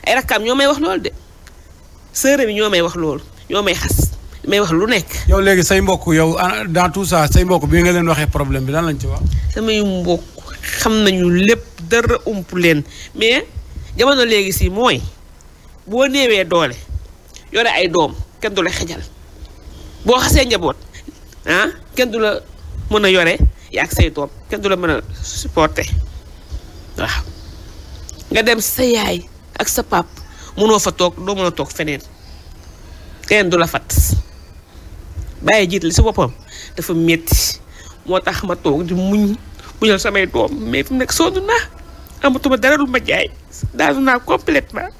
ay ay ñoo may wax loolu de. sœur bi ñoo may wax loolu ñoo may xas may wax lu nekk. yow léegi say mbokk yow ah, dans tout ça say mbokk bi nga leen waxee problème bi lan lañ ci wax. samay mbokk xam nañu lépp dara ump leen mais jamono léegi si mooy boo néewee doole yore ay doom kenn du la xejal boo xasee njaboot ah, kenn du la mën a yore ak say doom kenn du la mën a supporter waaw nga dem sa yaay ak sa pap mënoo fa toog doo mën a toog feneen keneen du la fat bàyyi jiit si boppam dafa metti moo tax ma toog di muñ muñal samay doom mais mu nekk sonn naa amatuma dara lu ma jaay daanu naa complètement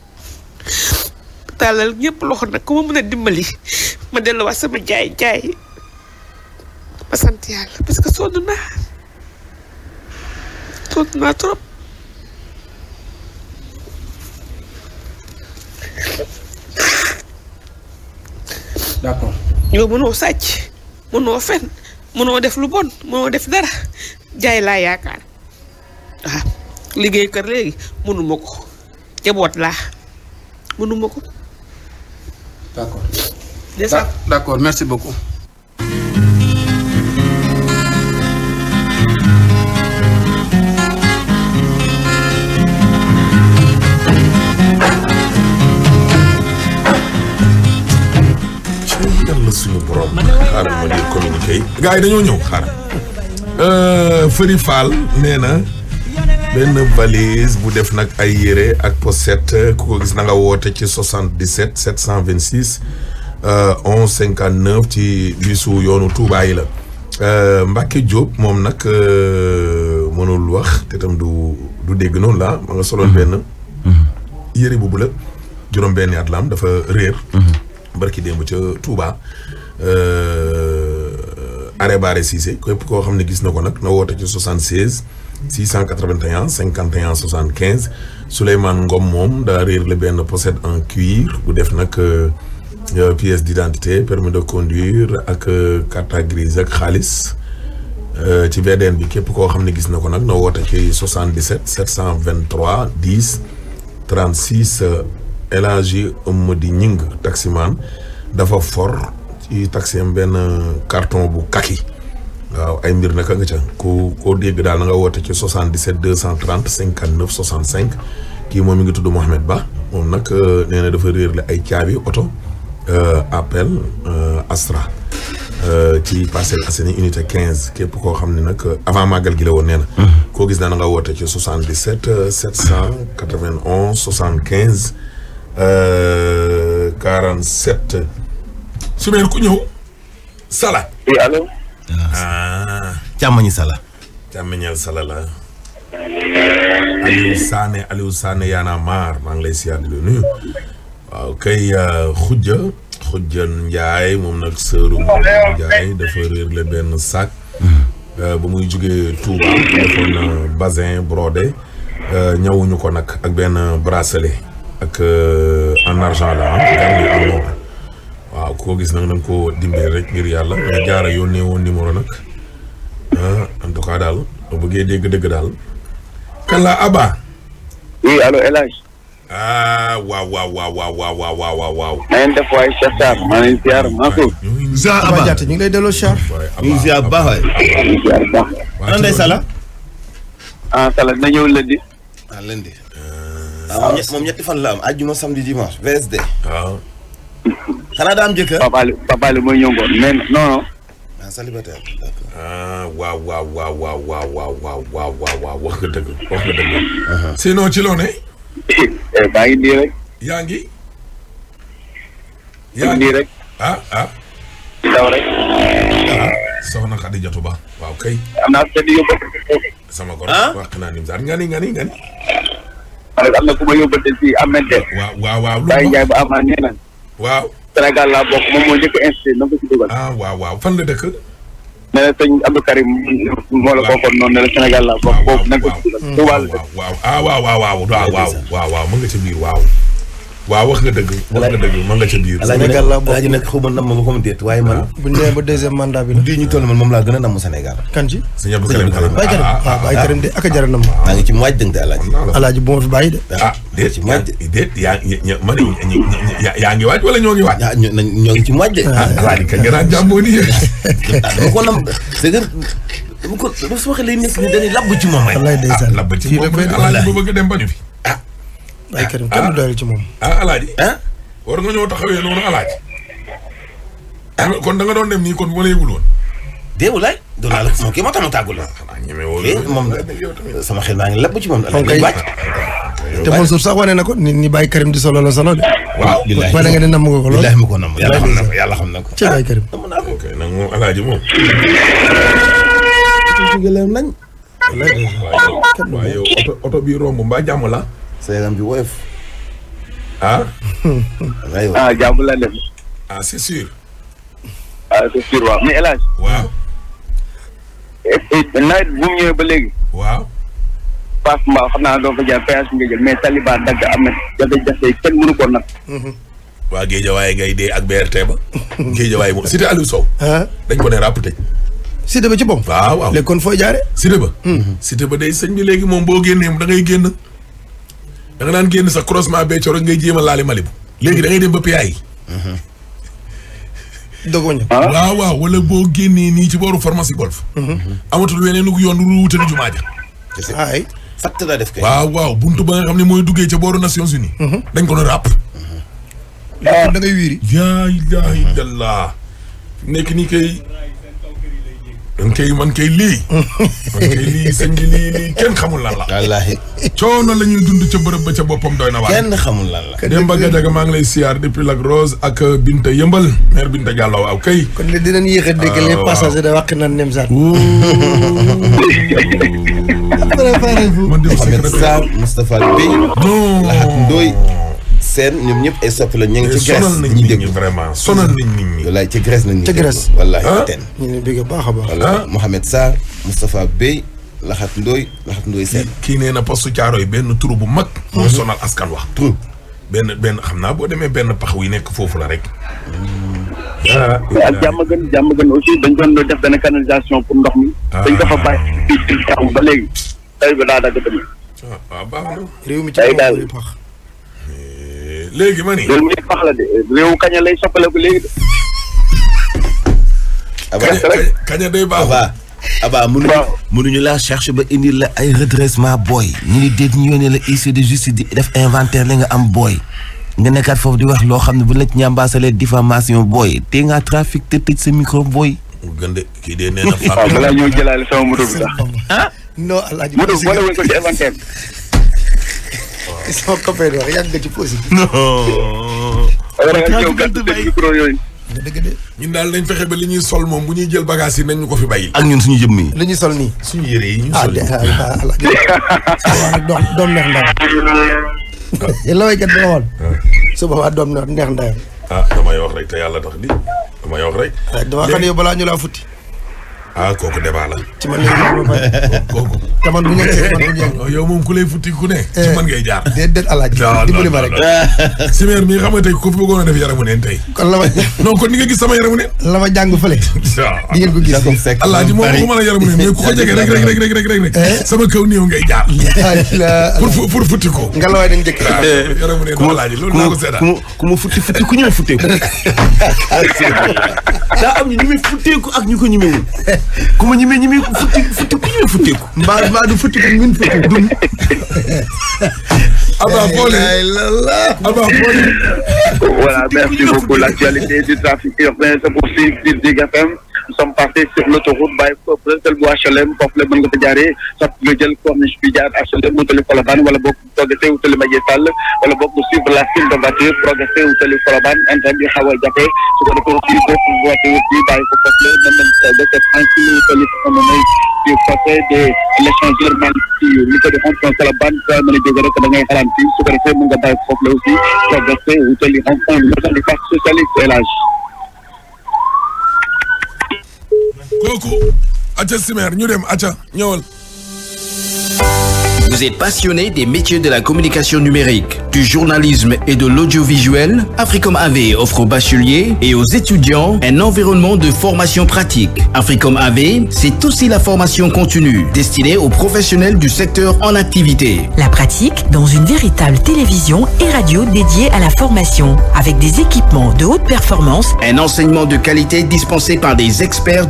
tàllal ñëpp loxo nag ku ma mën a dimbali ma delluwaat sama jaay jaay ma sant yàlla parce que sonn naa trop. d'accord yow mënoo sàcc mënoo fen mënoo def lu bon mënoo def dara jaay laa yaakaar waaw liggéey kër léegi mënuma ko jaboot laa mënuma ko d'accord d'accord merci beaucoup suñu borom. xaaral ma lire communiqué euh, na benn valise bu def nag ay yére ak pochette ku ko na nga woote ci 77 726 11 59 ci bisu yoonu Touba la. Euh, Mbacke moom nag euh, mënul wax te du du dégg la ma nga soloon mhm. benn. Mhm. yére boobu la juróom benni at la am dafa réer. Mhm. barki démb ca Touba. Euh, Arrêt Barré Cissé képp koo xam ne gis na ko nag na woote ci 76 681 51 75 Souleymane Ngom moom daa réer le benn pochette en cuir bu def nag euh, euh, pièce d'identité permis de conduire ak carte grise ak xaalis ci VDN bi képp koo xam ne gis na ko nag na woote ci 77 723 10 36 El Hadji Amady Ñing taximaan dafa for ci taxi am benn carton bu kaki waaw ay mbir naka nga ca ku koo dégg daal na nga woote ci 77 230 59 65 kii moom mi ngi tudd Mouhamed Ba moom nag euh, nee na dafa réerle ay caabi oto euh, appel euh, Astra ci Parcelles Assainies unité 15 képp koo xam ne nag avant màggal gi la woon nee na. koo gis daal na nga woote ci 77 791 75 47. Soumaire ku ñëw. Sala. oui allo. ah. ah. càmmañi Sala. càmmañal Sala la. Aliou Sané Aliou Sané Y'en a marre maa ngi lay siyaar di waaw kay euh, Khoudia. Khoudia Ndiaye moom nag sëru Ndiaye dafa réer le benn sac. Mm. Euh, ba muy jugee Touba defoon euh, basin brodé. ñawuñu ko nag ak benn bracelet. ak en argent la ah. waaw koo gis nag na nga koo rek ngir yàlla nga jaara yónnee woon numéro nag ah, en tout cas daal boo bëggee dégg-dégg daal. Kalla Aba. oui allo El Hadj. ah waaw waaw waaw waaw waaw waaw waaw. na ngeen def waay Cheikh Sarr maa ngi leen ziar Mansour. Zia Aba Aba Diatta ñu ngi lay lundi. Ah, ah. moom ñetti fan la am àjjuma dimanche VSD. xanaa daa am jëkkër. Pape Alé Pape Alé mooy ñëw ngoon mais non waaw waaw waaw waaw waaw waaw waaw waaw ci loo ne. maa rek. yaa ngi. yaa ngi nii rek. ah ah. daw rek. ah waaw kay. am naa ni nga ni nga ni waaw waaw waaw waaw. Sénégal laa bokk moom moo njëkk a incité ko ci dugal. Ah, waaw waaw fan la dëkk. nee na sëñ Abdou Karim moo la noonu ne la Sénégal laa bokk. waaw ko ci dugal. waaw waaw waaw waaw waaw waaw waaw waaw mu nga ci biir waaw. waaw wax nga dëgg. wax nga dëgg man la ca biir. Sénégal laa bokk nekk xaw ma nam ma xaw déet waaye man. bu ñu demee ba deuxième mandat bi la. lii ñu toll man moom laa gën a namm Sénégal. kan ci. sëñ Abdou Karim Karim ah, ah, Baye ah. Karim de ak a jar a maa ngi ci mu waaj dëgg de alaaji. alaaji bu ma fi bàyyi de. ah déet ci waaj déet yaa ma ne yaa ngi waaj wala ñoo ngi waaj. ah ñoo ngi ci mu waaj de. alaaji kañ nga naan jàmboo nii. dama ko nam c'est que ko su waxee lay nekk ni dañuy labb ci moom rek. wallaay ndeysaan labb ci moom rek alaaji dem bañu fi Baye ah, Karim kenn du ah. doyal ci moom. ah alaaji. ah war nga ñoo taxawee noonu alaaji. Ah, kon da nga doon dem nii kon bu ma la yëgul woon. déewu laay. doon naa la moom kii moo tax ma tàggul la. Eh, moom sama xel maa ngi lépp ci moom. moom kay te moom suuf sax wane na ko ni ni Baye Karim di solo la solo de. waaw billahi wala nga ne namm nga ko lool. billahi ma ko namm yàlla xam na ko yàlla xam na ko. ci Baye Karim. ok nag moom alaaji moom. waaye yow oto oto bii romb mbaa jàmm la. seeram bi woyof. ah. ah jàmm la def. ah c'est sûr. waaw mais El waaw. nawet bu ñëwee ba léegi. waaw. paas mbaa xam naa doo ko jaar péage bi nga jël mais taliba dagg am jafe-jafe kenn mënu ko nag. waa Géejawaay ngay dee ak BRT ba. Géejawaay moom cité Aliou Sow. dañ ko ne ràpp tëj. cité ba ci bopp. waaw waaw léegi kon fooy jaaree. cité ba. cité mm-hmm. ba day sëñ bi léegi moom boo génnee da ngay génn. da nga naan génn sa croisement bee coro ngay jéem a laale Malibu. léegi da ngay dem ba Piaay. dogoñ. Ah? waaw waaw wala boo génnee nii ci booru pharmacie golf. Mhm. amatul weneen ug yoon lu wutali jumaa ja. ay la def kay. waaw waaw buntu ba nga xam ne mooy duggee ca booru Nations Unies. Mhm. dañ ko doon ràpp. Ah. da ngay wiiri. yaa ilaaha illallaah nekk nii kay. man kay man kay lii. man kay lii sëñ bi lii lii kenn xamul lan la. wallaahi. coono la ñuy dund ca bërëb ba ca boppam doy na waar. kenn xamul lan la. Demba Gadaga maa ngi lay siyaar depuis Lac Rose ak euh, Binta Yëmbal mère Binta Diallo waaw kay. kon de dinañ yéex a dégg les ah, passagers da wàq naan nem saat. préparez-vous. man de Mouhamed Sarr Moustapha Bey. non Lahat Ndoye. seen ñoom ñëpp ay sopp la ñu ngi ci Grèce ñi déglu vraiment sonal nañ nañ ñi déglu wallaay ah? teen ñu ngi bëgg baax a baax wallaay ah? Mouhamed Sarr Moustapha Bey Laxat Ndooy Laxat Ndooy seen kii nee na poste caaro yi benn turu bu mag mhm. mooy sonal askan wax tur benn benn xam naa boo demee benn pax wi nekk foofu la rek ah ak jàmm gën jàmm gën aussi dañ doon def benn canalisation pour ndox mi. Ah. dañ ko fa ba léegi. tey bi daa dagg tamit. waaw waaw baax na. réew mi ci kaw léegi ma ni. loolu léegi fax la de réewu kaña lay soppaleku léegi de. kaña kaña day baax abaa abaa mënuñu mënuñu laa ba indi la ay redressement booy. ñu ngi dégg ñu yónnee la huissier de justice di def inventaire la nga am booy. nga nekkaat foofu di wax loo xam ne bu la ci ñambaasalee diffamation booy te nga trafic te tëj sa micro booy. gën de kii de nee na. waaw balaa ñëw jëlaale sama moto bi sax. ah non alaaji. moto bi boole wuñ ko ci inventaire sama copain wax yàgg nga ci poche yi. non. dëgg de ñun daal nañ fexe ba li ñuy sol moom bu ñuy jël bagage yi nañ ñu ko fi bay bàyyi. ak ñun suñu jëm nii. li ñuy sol nii. suñu yére yi ñu sol nii ah doom doom neex ndayam. looy jot nga woon. su boobaa neex ndayam. ah damay wax rek yàlla tax di damay wax rek. waaw xam ne balaa ñu laa futti. ah kooku débat la. ci man kooku. te man bu ma oh, yow moom ku lay futti ku ne. ci eh, man ngay jaar. déedéet alaaji. dimbali ma rek. simeer mi nga xamante ku fi la ma. ni nga gis sama yaramu neen. la jàng fële. di ngeen ko gis. ma la yaramu neen mais ku ko jege rek rek rek rek eh? sama ngay jaar. pour pour futti ko. nga la waay dañ njëkk. Ah, eh, yaramu neen ku alaaji loolu naa ko seetaan. ku mu ku mu futti futti ku ñëwee futteeku. daa am ñu ñemee futteeku ak ñu ko ñemewul ku ma ñemee ñemee futti futti ku ñemee futteeku. mbaa mbaa du futti ñun futti dun. Abba Fole Abba Fole. voilà merci beaucoup l'actualité du trafic urbain se poursuit sur Zik FM. nous sommes passés sur l'autoroute bàyyi ko prétel bu HLM foofu la mën nga fa jaaree sot nga jël koo xam ne si bi wala boog progressé wutali la file de voiture progressé wutali Colobane inter bi xaw a jafe su ko defee aussi boobu voiture bi bàyyi ko foofu la mën nañ dëkk tranquille wutali fi xam ne du de l'échangeur man si ñu ko defoon son Colobane soo mën a jóge rek da ngay xalaat fii su ko defee la aussi progressé wutali rond-point du parti socialiste kooku acca simeer ñu dem acca ñëwal Vous êtes passionné des métiers de la communication numérique, du journalisme et de l'audiovisuel Africom AV offre aux bacheliers et aux étudiants un environnement de formation pratique. Africom AV, c'est aussi la formation continue destinée aux professionnels du secteur en activité. La pratique dans une véritable télévision et radio dédiée à la formation, avec des équipements de haute performance, un enseignement de qualité dispensé par des experts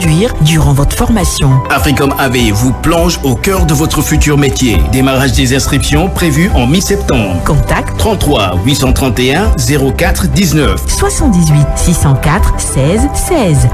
conduire durant votre formation. Africom AV vous plonge au cœur de votre futur métier. Démarrage des inscriptions prévu en mi-septembre. Contact 33 831 04 19 78 604 16 16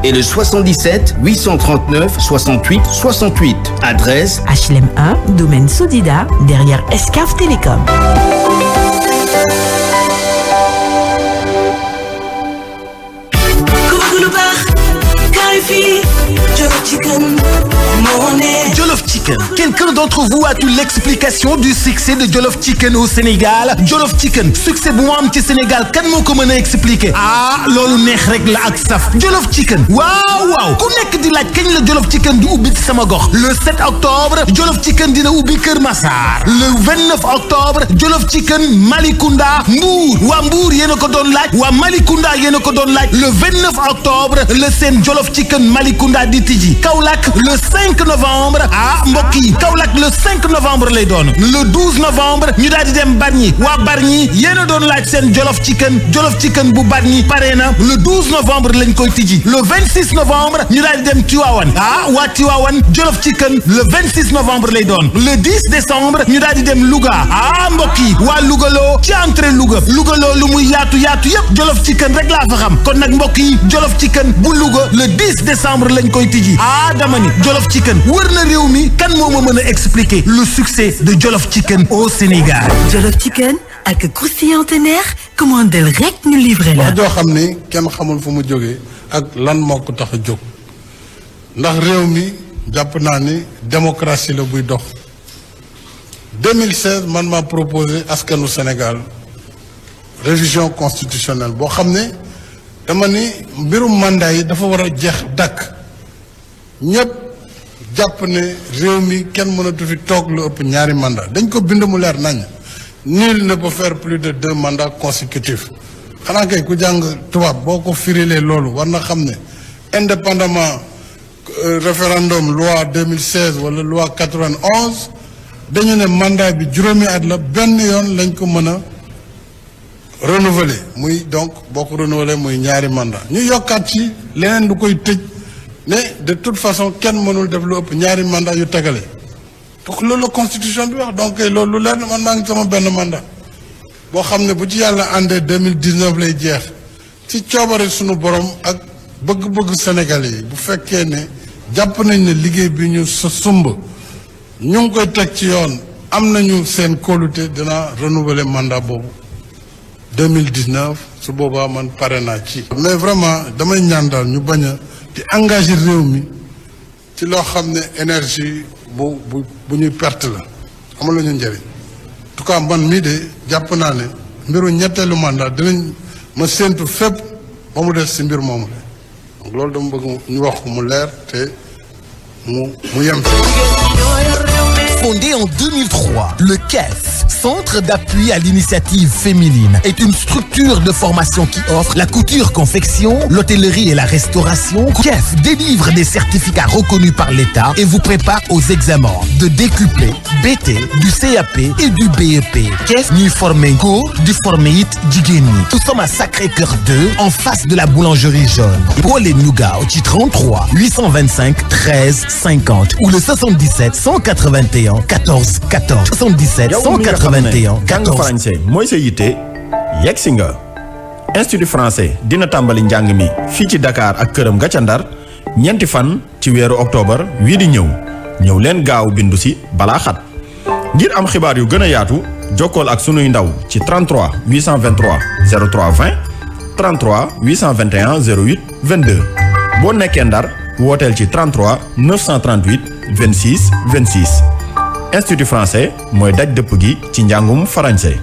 jolof Chicken quelqu'un d'entre vous a-t-il l'explication du succès de Jollof Chicken au Sénégal Jollof Chicken succès bu mu am ci Sénégal kan moo ko mën a expliqué ah loolu neex rek la ak saf Jollof Chicken waaw waaw ku nekk di laaj kañ la Jollof Chicken di ubbi ci sama gox le 7 octobre Jollof Chicken dina ubbi Kër Massar le 29 octobre Jollof Chicken Malicounda Mbour waa Mbour yéen a ko doon laaj waa Malicounda yéen a ko doon laaj le 29 octobre le seen Jollof Chicken Malicounda di tijji Kaolack 5 novembre ah mbokk yi Kaolack le 5 novembre lay doon le 12 novembre ñu daal di dem Bargny waa Bargny yéen a doon laaj seen Jolof Chicken Jolof Chicken bu Bargny pare na le 12 novembre lañ koy tijji le 26 novembre ñu daal di dem Tivaouane ah waa Tivaouane Jolof Chicken le 26 novembre lay doon le 10 décembre ñu daal di dem Louga ah mbokk yi waa Louga loo ci entrée Louga Louga loo lu muy yaatu yaatu yëpp Jolof Chicken rek laa fa xam kon nag mbokk yi Jolof Chicken bu Louga le 10 décembre lañ koy tijji ah Chicken na réew mi kan moo ma mën a expliquer le succès de Jollof Chicken au Sénégal. Jollof Chicken ak croustillant teneer commandel wax joo xam ni kenn xamul fu mu jógee ak lan moo ko tax a jóg ndax réew mi jàpp naa ni démocratie la buy dox 2016 man maa proposé askanu Sénégal révision constitutionnelle boo xam ne dama ni mbirum mandat yi dafa war a jeex dàkk ñépp jàpp ne réew mi kenn mënatu fi toog lu ëpp ñaari mandat dañ ko bind mu leer nañ nul ne peut faire plus de deux mandats consécutifs xanaa kay ku jàng tubaab boo ko firilee loolu war na xam ne indépendamment euh, référendum loi 2016 wala loi 91 dañu ne mandat bi juróomi at la benn yoon lañ ko mën a renouveler muy donc boo ko renouveler muy ñaari mandat ñu yokkaat ci leneen lu koy tëj ne de tout façon kenn mënul def lu ëpp ñaari mandat yu tegale donc loolu la constitution bi wax donc loolu lu leer na man maa ngi sama benn mandat boo xam ne bu ci yàlla àndee deux mille dix-neuf lay jeex ci coobare suñu borom ak bëgg-bëgg Sénégalais yi bu fekkee ne jàpp nañ ne liggéey bi ñu sa sumb ñu ngi koy teg ci yoon am nañu seen kóolute dina renouveler mandat boobu deux mille dix-neuf su boobaa man pare naa ci. mais vraiment damay ñaan daal ñu bañ a di engagé réew mi ci loo xam ne énergie bu bu bu ñuy perte la amul la ñu njëriñ en mii de jàpp naa ne mbiru ñetteelu mandat dinañ ma séentu fépp ba mu des si mbir moomu de donc loolu dama bëgg ñu wax mu leer te mu mu yem. Fondé en Centre d'appui à l'initiative féminine, est une de formation qui offre la couture, confection, l'hôtellerie et la par l'État et vous prépare aux examens de DQP, BT, du CAP et du e it de la boulangerie jaune. Woole ñu gaaw ci 33 825 13 50 ou le 77 181 14 nga xam ne jàng français mooy sa yitte yegg si nga institut français dina tàmbali njàng mi fii ci dakaar ak këram nga ca Ndar ñeenti fan ci weeru octobre wii di ñëw ñëw leen gaaw bindu si balaa xat ngir am xibaar yu gën a yaatu jokkool ak sunuy ndaw ci 33 823 03 20 33 821 08 22 boo nekkee Ndar wooteel ci 33 938 26 26 institut français mooy daj dëpp gi ci njàngum farañse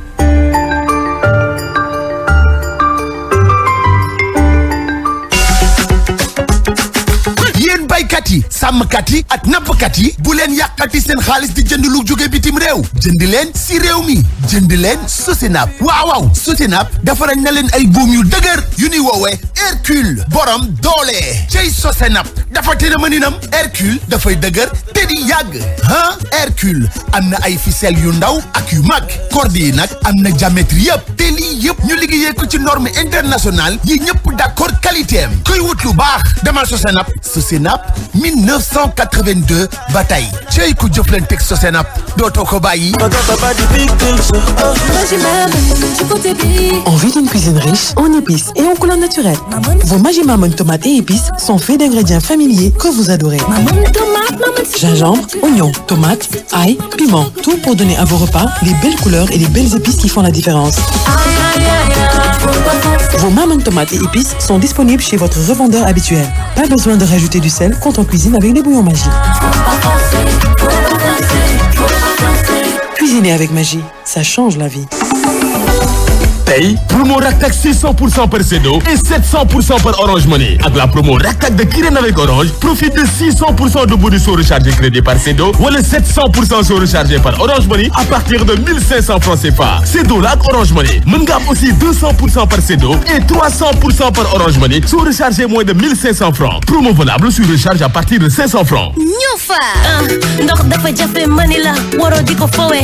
yi sàmmkat yi ak nappkat yi bu leen yàqati seen xaalis di jënd lu jóge bitim réew jënd leen si réew mi jënd leen Sosenap waaw waaw Sosenap defarañ na leen ay buum yu dëgër yu ni woowee Hercule borom doole cey Sosenap dafa tëra mëninam Hercule dafay dëgër te di yàgg ah Hercule am na ay ficelle yu ndaw ak yu mag corde yi nag am na diamètre yëpp yëpp ñu liggéeyee ko ci norme internationale yi ñëpp d'accord qualité am kuy wut lu baax demal Sosenap Sosenap 1982 ba tey cey ku jëflanteeg Sosenap dootoo ko bàyyi. En vue d'une cuisine riche en épices et en couleurs naturelles, vos Maggi Maman tomates et épices sont faits d'ingrédients familiers que vous adorez. Gingembre, oignon, tomate, ail, piment, tout pour donner à vos repas les belles couleurs et les Vos mamans tomates et épices sont disponibles chez votre revendeur habituel. Pas besoin de rajouter du sel quand on cuisine avec les bouillons magiques. Cuisiner avec magie, ça change la vie. tey promo Raktak 600 pour cent par Sedo et 700 pour par Orange Money ak promo Raktak de Kirène avec Orange profite de de bonus au recharge crédit par Sedo wala pour cent rechargé par Orange Money à partir de francs CFA Sedo la Orange Money mën aussi par Sedo et par Orange Money sur rechargé moins de francs promo valable sur recharge à partir de francs. ñoo fa. Ah, ndox dafa jafe mani la waroo di ko fowe.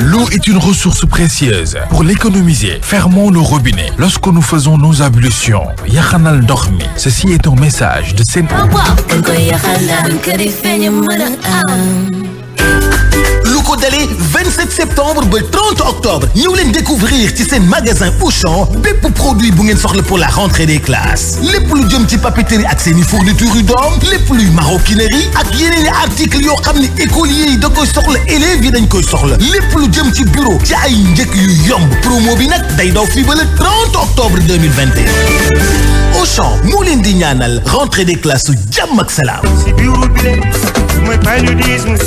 L'eau est une ressource précieuse pour l'économiser Fermons nos robinets lorsque nous faisons nos ablutions. Yaxanal ndox mi. Ceci est un message de Sen. lu ko vingt 27 septembre ba 30 octobre ñëw leen découvrir ci seen magasin Auchan bépp produit bu ngeen soxla pour la rentrée des classes lépp lu jëm ci papeterie ak seen i fourniture yu doom lépp luy maroquinerie ak yeneen i articles yoo xam ne écoliers yi da koy soxla élèves yi dañ koy soxla lépp lu jëm ci bureau ci ay njëkk yu yomb promo bi nag day daw fii ba le 30 octobre 2021 Auchan moo leen di ñaanal rentrée des classes su jàmm ak salaam mooy paludisme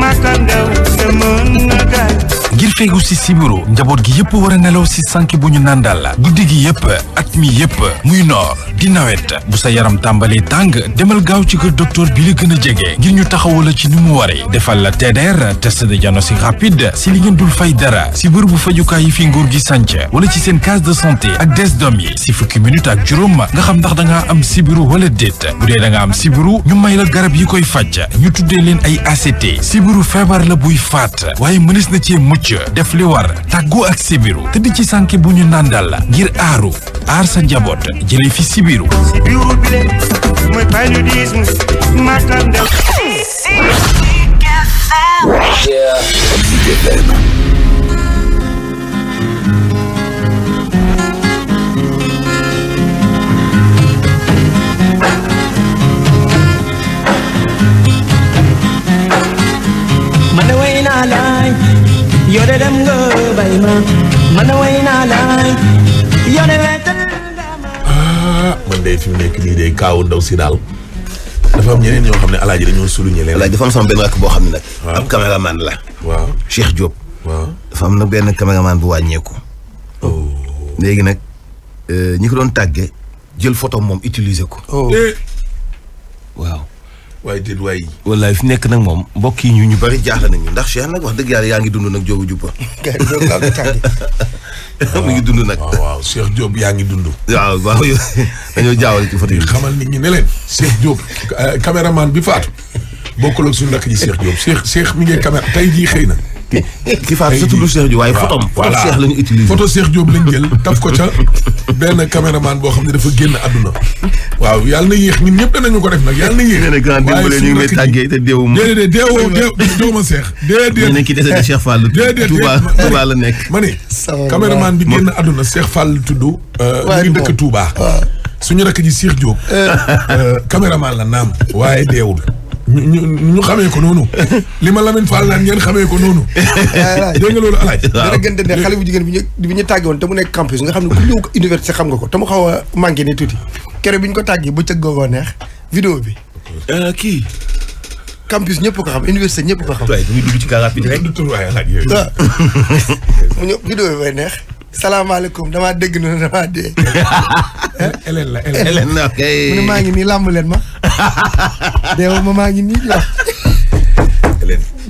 ma ka ndaw te mën na gaañ ngir fegu si sibiru njaboot gi yëpp war a nelaw si sànk bu ñu naan daal guddi gi yëpp at mi yëpp muy noor di nawet bu sa yaram tàmbalee tàng demal gaaw ci kër docteur bi li gën a jege ngir ñu taxawal la ci ni mu waree defal la TDR test de diagnostic rapide si li ngeen dul fay dara si bu fajukaay yi fi nguur gi sànc wala ci seen case de santé ak des doom yi si fukki minute ak juróom nga xam ndax da am sibiru wala déet bu dee da nga am sibiru ñu may la garab yi koy faj ñu tuddee leen ay ACT sibiru feebar la buy faat waaye mucc def li war tàggu ak sibiru tëdd ci sànke bu ñu nàndal ngir aaru aar sa njaboot jële fi sibiru sibiru bi leen mooy de Zik FM yow de dem nga bay ma man de wey naa laay yow de wetal nga ah, man de fi mu nekk nii de kaawu ndaw si daal dafa am ñeneen ñoo xam ne alaaji dañoo sulu leen. alaaji dafa am sama benn rakk boo xam ne nag. waaw ab caméraman la. waaw Cheikh dafa am nag benn caméraman bu wàññeeku. Oh. léegi nag euh, ñi ko doon tàggee jël photo moom utiliser ko. Oh. Eh. waaw. waaye déet waay. wallaay fi nekk nag moom mbokk yi ñu ñu bari jaaxle nañu ndax Cheikh nag wax dëgg yàlla yaa ngi dund nag Diop jubba. mu ngi dund nag. waaw waaw Cheikh Diop yaa ngi dund. waaw waaw dañoo jaawale ci photo yi. xamal nit ñi ne leen Cheikh Diop eh, caméraman bi faatu bokkul ak suñu rakk ji Cheikh Diop Cheikh Cheikh mi ngi caméra tey jii xëy na. ki ki faat surtout Cheikh Diop waaye photom photo Cheikh la ñu utilisé photo Cheikh Diop lañ jël taf ko ca benn caméraman boo xam ne dafa génn àdduna waaw yàlla na yéex ñun ñëpp danañu ko def nag yàlla na yéex nee na grand démb ñu ngi may tàggee te déewu ma déedéet déewu déewu ma Cheikh déedéet ne ki dese di Cheikh Fall Touba Touba la nekk ma ne caméraman bi génn àdduna Cheikh Fall tudd euh, ngi dëkk Touba suñu rakk ji Cheikh Diop euh. Euh, caméraman la naam waaye deewul ñu ñu ñu xamee ko noonu li ma Lamine Fall naan ngeen xamee ko noonu. dégg nga loolu alaay. waaw gënte ne xale bu jigéen bi ñu bi ñu tàggee woon te mu nekk campus nga xam ne ku ñëw ko université xam nga ko te mu xaw a manqué ne tuuti. keroog bi ñu ko tàggee ba cëg googoo neex. vidéo bi. Euh, kii. campus ñëpp ko xam université ñëpp ko xam. ci car rapide rek. waaw mu ñëw vidéo bi bay neex. salaamaaleykum damaa dégg noonu damaa dee. Hélène la Hélène la ok. mu ne maa ngi nii làmb leen ma. deewu ma maa ngi nii la.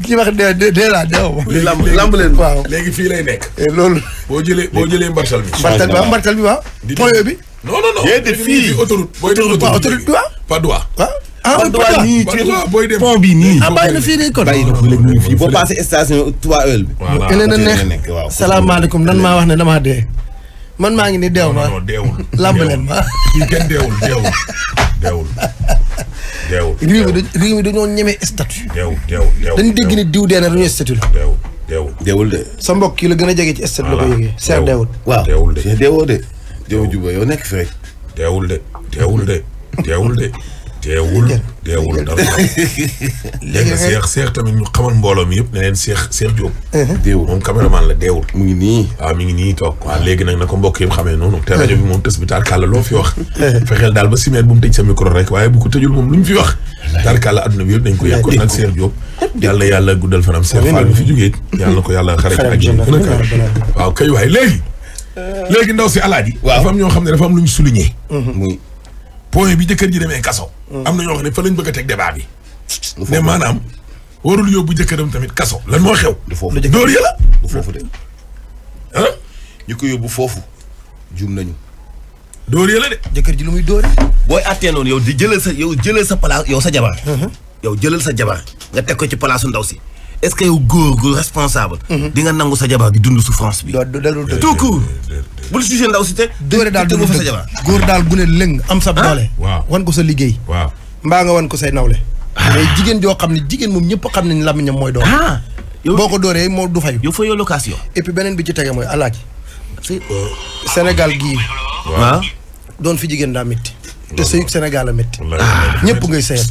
ki wax dee dee dee laa deewu ma. làmb làmb leen waaw léegi fii lay nekk. Eh, loolu. boo jëlee boo jëlee mbartal bi. mbartal bi waaw mbartal bi waaw. di point bi. non non non. fii autoroute. booy autoroute bi waaw. pas droit waaw. ah nii ci pont bi nii. ah bàyyi na fii nii kon bàyyi na fii fii boo paasee station trois heures bi. voilà nekk waaw salaamaaleykum nan maa wax ne damaa dee. man maa ngi ni deew ma lamb leen ma. kii kenn deewul deewul deewul. deewul réew ni diw dee na dañoo statut la. deewul de. sa mbokk yi la gën a jege ci statut la ko yëgee. seer deewul yow nekk fi rek. deewul de deewul de deewul de. teewul teewul dara léegi seex seex tamit ñu xamal mbooloo mi yëpp ne leen seex seex Diop uh-huh. deewul moom caméraman la deewul mu ngi nii waaw mi ngi toog waaw léegi nag na ko mbokk yëpp xamee noonu te rajo bi moom tës bi taarkàlla loo fi wax uh-huh. fexeel daal ba simèire bu mu tëj sa micro rek waaye bu ko tëjul moom lu ñu fi wax taarkàlla adduna bi yëpp dañ ko yëg kon nag seex Diop yàlla yàlla guddal fanam seex Fall bi fi jógee yàlla na ko yàlla xare ak gën a kaw waaw kay waaye léegi uh-huh. léegi ndaw si ala dafa am xam ne dafa am lu ñu souligné muy point bi jëkkër ji demee kaso. Mm. am na ñoo xam ne fa lañ bëgg a teg débat bi. ne maanaam warul yóbbu jëkkëram tamit kaso. lan moo xew. du foofu dóor ya la. du foofu de. Ah? ko yóbbu foofu. jum nañu. dóor ya la jëkkër ji lu muy dóore. booy àttee noonu yow di jëlal sa yow jëlal sa place yow sa jabar. Mm-hmm. yow jëlal sa jabar nga teg ko ci place su ndaw si. est-ce que yow góor gu responsable. Mhm. di nga nangu sa jabar di dund souffrance bi. tout court. bul sujet ndaw si te. dóore daal sa jabar góor daal gu ne lëng am sa ah. doole. waaw wan ko sa liggéey. waaw mbaa nga wan ko say nawle. mais ah. jigéen joo xam ne jigéen moom ñëpp xam nañ lamiñam mooy doom ah. boo ko dóoree moo du fa yoo location. et bi ci tege mooy alaaji. Sénégal gii. doon fi jigéen daa métti. te sëyu Sénégal a métti. ñëpp ngay sëyal.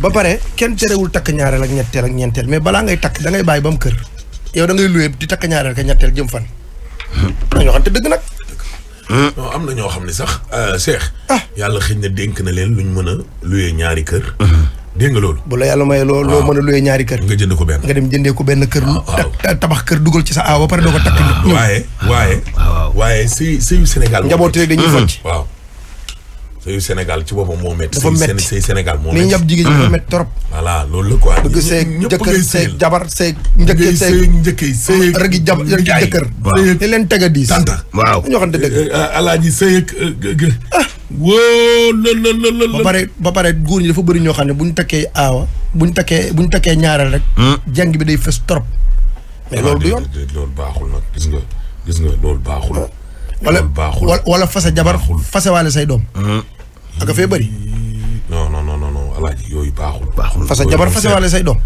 ba pare kenn terewul takk ñaareel ak ñetteel ak ñeenteel mais balaa ngay takk da ngay bàyyi ba mu kër yow da ngay di takk ñaareel ak ñetteel jëm fan. am xam te dëgg nag. am na ñoo xam ne sax euh, Cheikh. Ah. yàlla xëy na dënk na leen luñ mën a luwee ñaari kër. dégg nga loolu. bu la yàlla maye loo loo ah. mën a luwee ñaari kër. nga jënd ko benn nga dem jëndee ko benn kër. Ah, tabax kër dugal ci sa aaw ba pare doo ko takk. waaye waaye. waaye si sëyu Sénégal. njaboot rek dañuy focc mm-hmm. waaw. sëyu Sénégal ci boppam moo métti. dafa métti sëyu Sénégal moo métti. ni ñëpp jigéen ñi dafa métti mm-hmm. trop. voilà loolu la quoi. bëgg seeg jëkkër seeg jabar seeg. njëkkee seeg njëkkee seeg. rëgg jab rëgg jëkkër. waaw te leen a diis. ba pare góor ñi dafa bëri ñoo xam ne bu ñu takkee aawa bu ñu takkee bu ñu takkee ñaareel rek. Hmm. jàng bi day fës trop. mais ah, loolu du yoon loolu baaxul nag gis nga gis nga loolu baaxul. loolu baaxul wala wala fase jabar fase waale say doom. Hmm. ak a fee bëri. non non non non alaaji yooyu baaxul. baaxul fasa jabar fase wala say doom.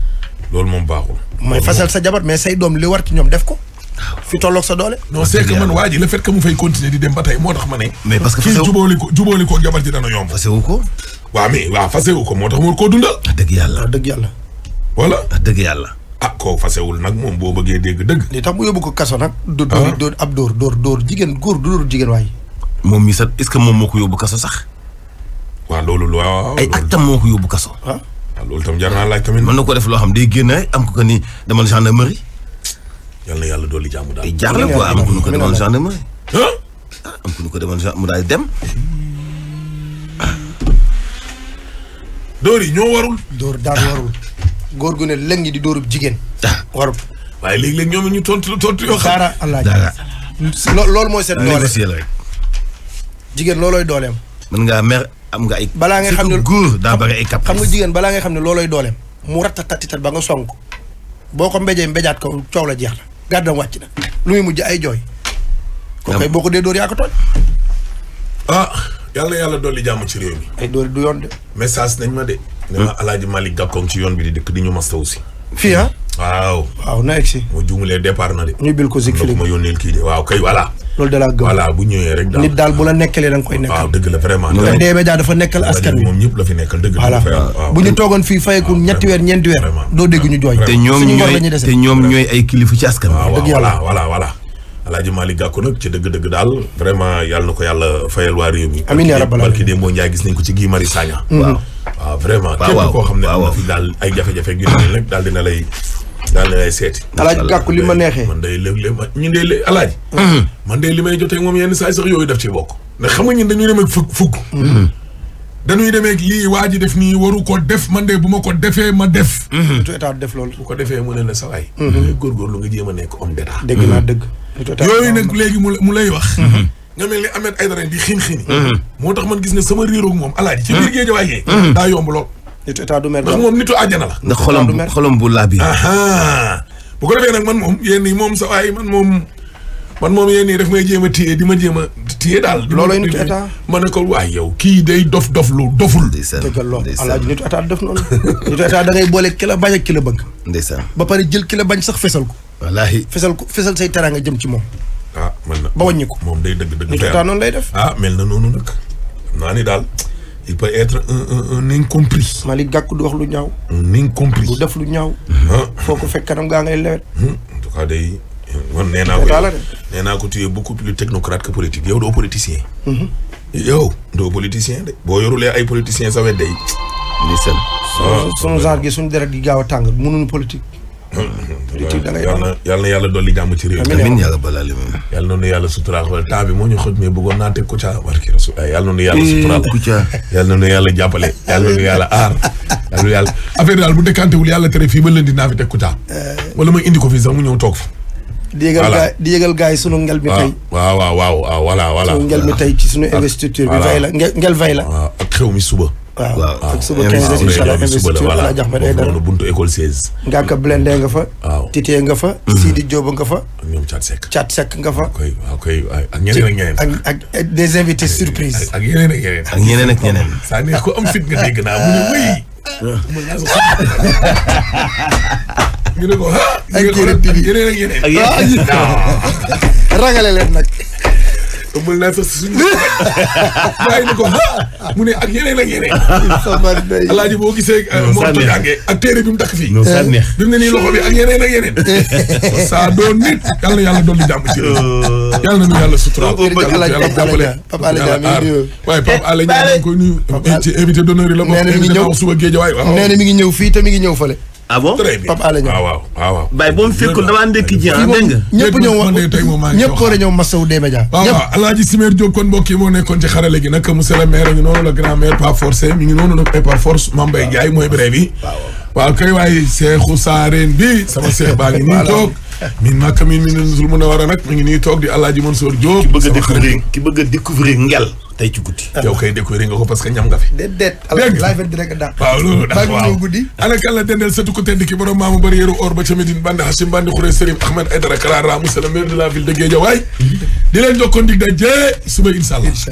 loolu moom baaxul. mooy fasal sa jabar mais say doom li war ci ñoom def ko. fi tolloog sa doole. no c'est que man waa ji le fait di dem ba tey moo tax ma ne. mais parce que fii jubóoli ko jubóoli ko jabar ji ko. moo tax mu war koo dundal. dëgg yàlla dëgg yàlla. voilà dëgg yàlla. ah koo fasewul nag moom boo bëggee dégg dëgg. li tax mu ko kaso nag. Ah. do do ab dóor dóor góor du dóor jigéen waaye. moom mi moom moo ko yóbbu kaso sax. waaw loolu lu waaw. ay moo ko yóbbu kaso. ah loolu tam jar naa laaj tamit. mën na ko def loo xam day génn ko ni demal gendarmerie. yal na yàlla dolli jàmm daal. jaaxle quoi am ku ñu ko demal gendarmerie. Ah, am ku ko demal gendarmerie mu daal yi ñoo warul. dóor daal ah. warul. góor gu ne di dóorub jigéen. Ah. warul. waaye léegi-léeg ñoom ñu tontu tontu yoo xam. loolu mooy seen doole. jigéen loolooy dooleem. mën ngaa mer. am nga ay. balaa nga xam ne góor daa bëri xam nga jigéen balaa nga xam ne loolooy dooleem mu ratatatitat ba nga song boo ko mbejee mbejaat ko coow la jeex na gàddam wàcc na lu muy mujj ay jooy. ko boo ko dee dóor yaa ko tooñ. ah yal na yàlla dolli jàmm ci réew mi. ay dóor du yoon de. message nañ ma de. ne ma El Hadj Malick Gakou ci yoon bi di dëkk di ñu masta aussi. fii ah. waaw. waaw na egg si. mu juumalee départ na de. ñu bil ko si kii de waaw kay voilà. loolu da laa gëm. voilà bu ñëwee rek. daal nit daal bu la nekkalee da nga koy nekkal. waaw dëgg la vraiment. dëgg la DBD dafa nekkal askan wi moom ñëpp la fi nekkal dëgg la. voilà bu ñu toogoon fii fayeku ñetti weer ñeenti weer. doo dégg ñu jooy. te ñoom ñooy te ñoom ñooy ay kilifa ci askan wi. dëgg yàlla voilà voilà. Alaaji Malick Gakou nag ci dëgg-dëgg daal vraiment yàlla na ko yàlla fayal waa réew mi. amiin yaa rabbal aalamiin barki démboo Njaay gis nañ ko ci Guy Marius Sagna. waaw waaw vraiment. waaw képp koo xam ne am na fi daal ay jafe-jafe gi nag daal dina lay daal di lay seeti. alaaj gàkku li ma neexee man day léeg-léeg ma ñun hmm. man day li may jotee moom yenn saa yi sax yooyu def ci bokk. ndax xam nga ñun dañuy demee fukk fukk. Hmm. dañuy demee lii waa ji def nii waru ko def man de bu ma ko defee ma def. surtout hmm. état def loolu. su ko defee mu ne la sa waay. góorgóorlu nga jéem a nekk homme d'état. dëgg naa dëgg. yooyu nag léegi mu lay wax. nga mel ni Ahmed Aïdara di xiin xiini. moo tax man gis ne sama réeroog moom alaaji. ci biir géej waay daa yomb nitu état du mer ndax moom nitu àjjana la. ndax xolam xolam bu laabi. bu ko defee nag man moom yéen ñi moom sa waay man moom man moom yéen ñi daf may jéem a téye di ma jéem a daal. looloo nitu état ma ne ko waay yow kii day dof dof lu doful. ndeysaan dëggal lool alaaji nitu état def noonu. nitu état da ngay boole ki la bañ ak ki la bëgg. ba pare jël ki la bañ sax fesal ko. wallaahi fesal ko fesal say teraanga jëm ci moom. ah man na ba wàññi ko moom day dëgg dëgg. nitu état noonu lay def. ah mel na noonu nag naa daal il peut être un un un incompris. Malick Gakou lu ñaaw. un incompris du def lu ñaaw. Ah. foo ko fekk kanam gaa nga lewet. Hmm. en tout cas day man nee naa ko nee tu es beaucoup plus technocrate que politique yow doo politicien. Mhm. yow doo politicien de boo yorulee ay politiciens sa wet day. ni seen. sunu genre gi suñ deret gi gaaw a tàng mënuñu politique. yàlla na yàlla dolli jàmm ci réew mi amiin yàlla balaa li moom yàlla na nu yàlla suturaal xool bi moo ñu xoj mais bëggoon naa teg Kouthia barki rasul eh, yàlla na nu yàlla suturaal Kouthia yàlla na nu yàlla jàppale yàlla na nu yàlla aar yàlla yàlla affaire tere fii ba lëndi naa fi teg Kouthia eh. wala ma indi ko fii sax mu ñëw toog fa di yëgal gaa di yëgal gaa yi sunu ngel mi tey waaw waaw waaw voilà voilà sunu ngel mi tey ci sunu investiture bi vay la ngel vay la ak xew mi suba waaw a suba 15 incha allah investiture ala jax ma day dara buntu école 16. Ngaka Blende nga fa. waaw Tite nga fa. Mhm. Sidi Diop nga fa. ak ñoom Thiat Seck. Thiat Seck ak ñeneen ak ñeneen. ak ak des invités surprise. ak ñeneen ak ñeneen. ak ñeneen ak ñeneen. saa ah. ah. ah. ragale leen nag. ëmbal naa fës suñu waaye ni ko ah mu ne ak yeneen ak yeneen. alaaji boo gisee. moom tojaange ak téere bi mu takk fii. bi mu ne nii loxo ak yeneen ak yeneen. saa doon nit. yal na yàlla dolli jàmm ci réew yal na nu yàlla sutura. yàlla jàppale Pape Alé Niang mi ngi nuyu. waaye Pape Alé Niang ñu ngi koy nuyu. ci invité la bokk. nee na ngi ñëw fii te mi ngi ñëw fële. ah bon très bien Pape Alé Niang ah, waaw ah, waaw waaw. Baye boo mu fekkoon damaa ndekki ji ah dégg nga. ñëpp ñëw wax ñëpp war a ñëw Massaw Demba Dia. Ah, ñëpp waaw waaw El Hadj Simer Diop kon mbokk yi moo ci xarale gi nag monsieur le maire la grand maire par force mi ngi noonu nag par force Mame bi. waaw kay waaye Cheikhou Saareen bi sama Cheikh baa ngi nii toog. min Makka min Madinatul Munawwara nag mi ngi nii toog di Alaaji Mansour Diop. ki a découvrir ki bëgg a découvrir ngel. tey guddi. Ah. yow kay découvrir nga ko parce ñam nga fi. déedéet alhamdulilah laay fekk di rek ko tedd ki borom maamu bari yëru or ba ca Medine Bande Hachim Bande Khouré Ahmed Aïdara Karara monsieur le maire de la ville de Guédiawaye. di leen jokkoon dig daje suba incha allah.